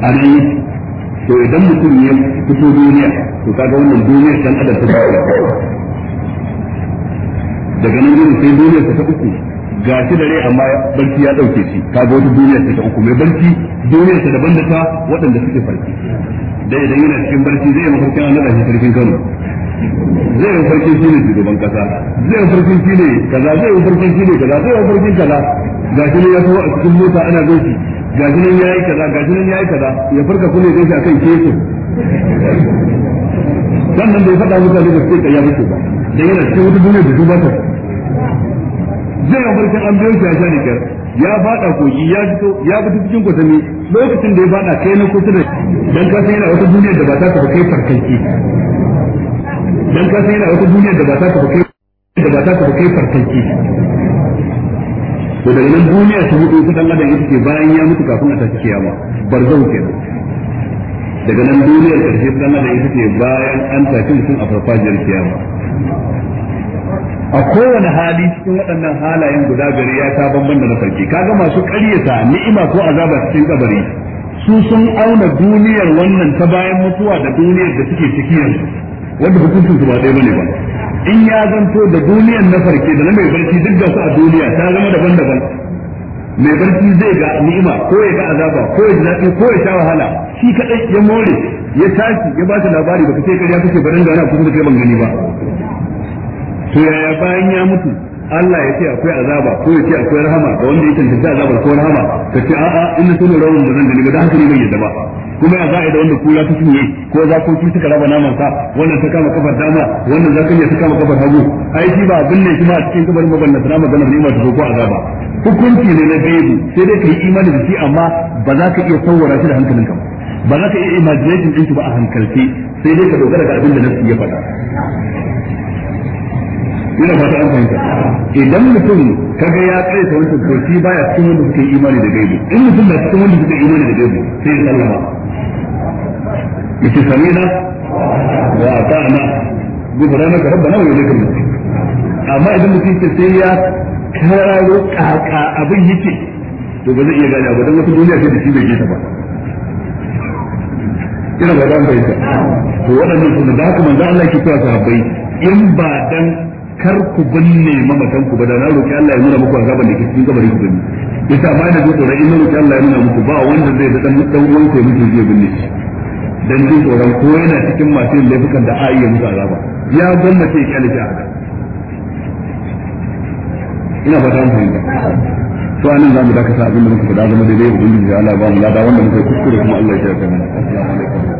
a nan yi to idan mutum ya fito duniya to kaga wannan duniyar san adam ta dawo daga nan gudu sai duniyar ta uku ga shi da rai amma barci ya dauke shi kaga wata duniyar ta uku mai barci duniyar ta daban da ta waɗanda suke farki da idan yana cikin barci zai mafarkin annabi shi sarkin Kano zai yi farki shi ne shugaban kasa zai yi farki shi ne kaza zai yi farki shi ne kaza zai yi farki kaza ga shi ne ya tawo a cikin mota ana gaishe ga ya yi kaza ga ya yi kaza ya farka kunne dai shi akan kesu sannan bai faɗa mutane da suke kayya musu ba da yana cikin wata duniya da duba ta zai ya farkin an biyo shi a sha nikar ya faɗa kogi ya fito ya fito cikin kwatanni lokacin da ya faɗa kai na kusa da dan ka san yana wata duniya da ba ta ka kai farkanki dan ka san yana wata duniya da ba ta ka kai da ba ta ka kai farkanki da daga nan duniya su mutu su dan adam ita ce bayan ya mutu kafin a tashi kiyama barzan kenan daga nan duniyar karshe ta dan adam ita ce bayan an tashi mutum a farfajiyar kiyama a kowane hali cikin waɗannan halayen guda gari ya ta bamban da na farki kaga masu ƙaryata ni'ima ko azaba cikin kabari su sun auna duniyar wannan ta bayan mutuwa da duniyar da suke ciki yanzu wanda hukuncin su ba ɗaya bane ba in ya zanto da duniyar na farke da na mai barci duk da su a duniya ta zama daban-daban mai barci zai ga ni'ima ko ya ga azaba ko ya zafi ko ya sha wahala shi kaɗai ya more ya tashi ya ba shi labari baka ce kariya kake barin gana kusa da kai ban gani ba to yaya bayan ya mutu Allah ya ce akwai azaba ko ya ce akwai rahama ga wanda ya tantance azabar ko rahama ka ce a'a in na sunan rawan da zan da ni ba da haka ne bai yadda ba kuma ya za'a da wanda kula ta cinye ko za ko cuta ka raba naman sa wannan ta kama kafar dama wannan za ka iya ta kama kafar hagu ai shi ba ne shi ma a cikin kabarin mabanna da maganar ni'ima ta ko azaba hukunci ne na gaibi sai dai ka yi imani da shi amma ba za ka iya tsawara shi da hankalinka ba ba za ka iya imagination din shi ba a hankalce sai dai ka dogara ga abin da nafsi ya faɗa ina fata an fahimta idan mutum ka ga ya kai ta wancan to shi baya cikin wanda suke imani da gaibi in mutum na cikin wanda suke imani da gaibi sai ya sallama yace samina wa ata'na gudana ka rabbana wa ilaikal masir amma idan mutum ke sai ya kararo kaka abin yake to ba zai iya gane ba dan wata duniya ce da shi bai ta ba ina ba dan bai ta to wannan sun da haka manzo Allah yake cewa sahabbai in ba dan kar ku binne mamatanku ku ba da na roki Allah ya nuna muku azaban da ke cikin kabari ku binne yasa ba da jin tsoron in na roki Allah ya nuna muku ba wanda zai da dan dan uwan ku mutum zai binne shi dan jin tsoron ko yana cikin masu yin laifukan da a iya musu azaba ya gwamnati ya kyale a haka ina fata an fahimta to anan zamu dakata abin da muka faɗa zama daidai ubangiji Allah ba mu lada wanda muka kuskure kuma Allah ya kiyaye mu assalamu alaikum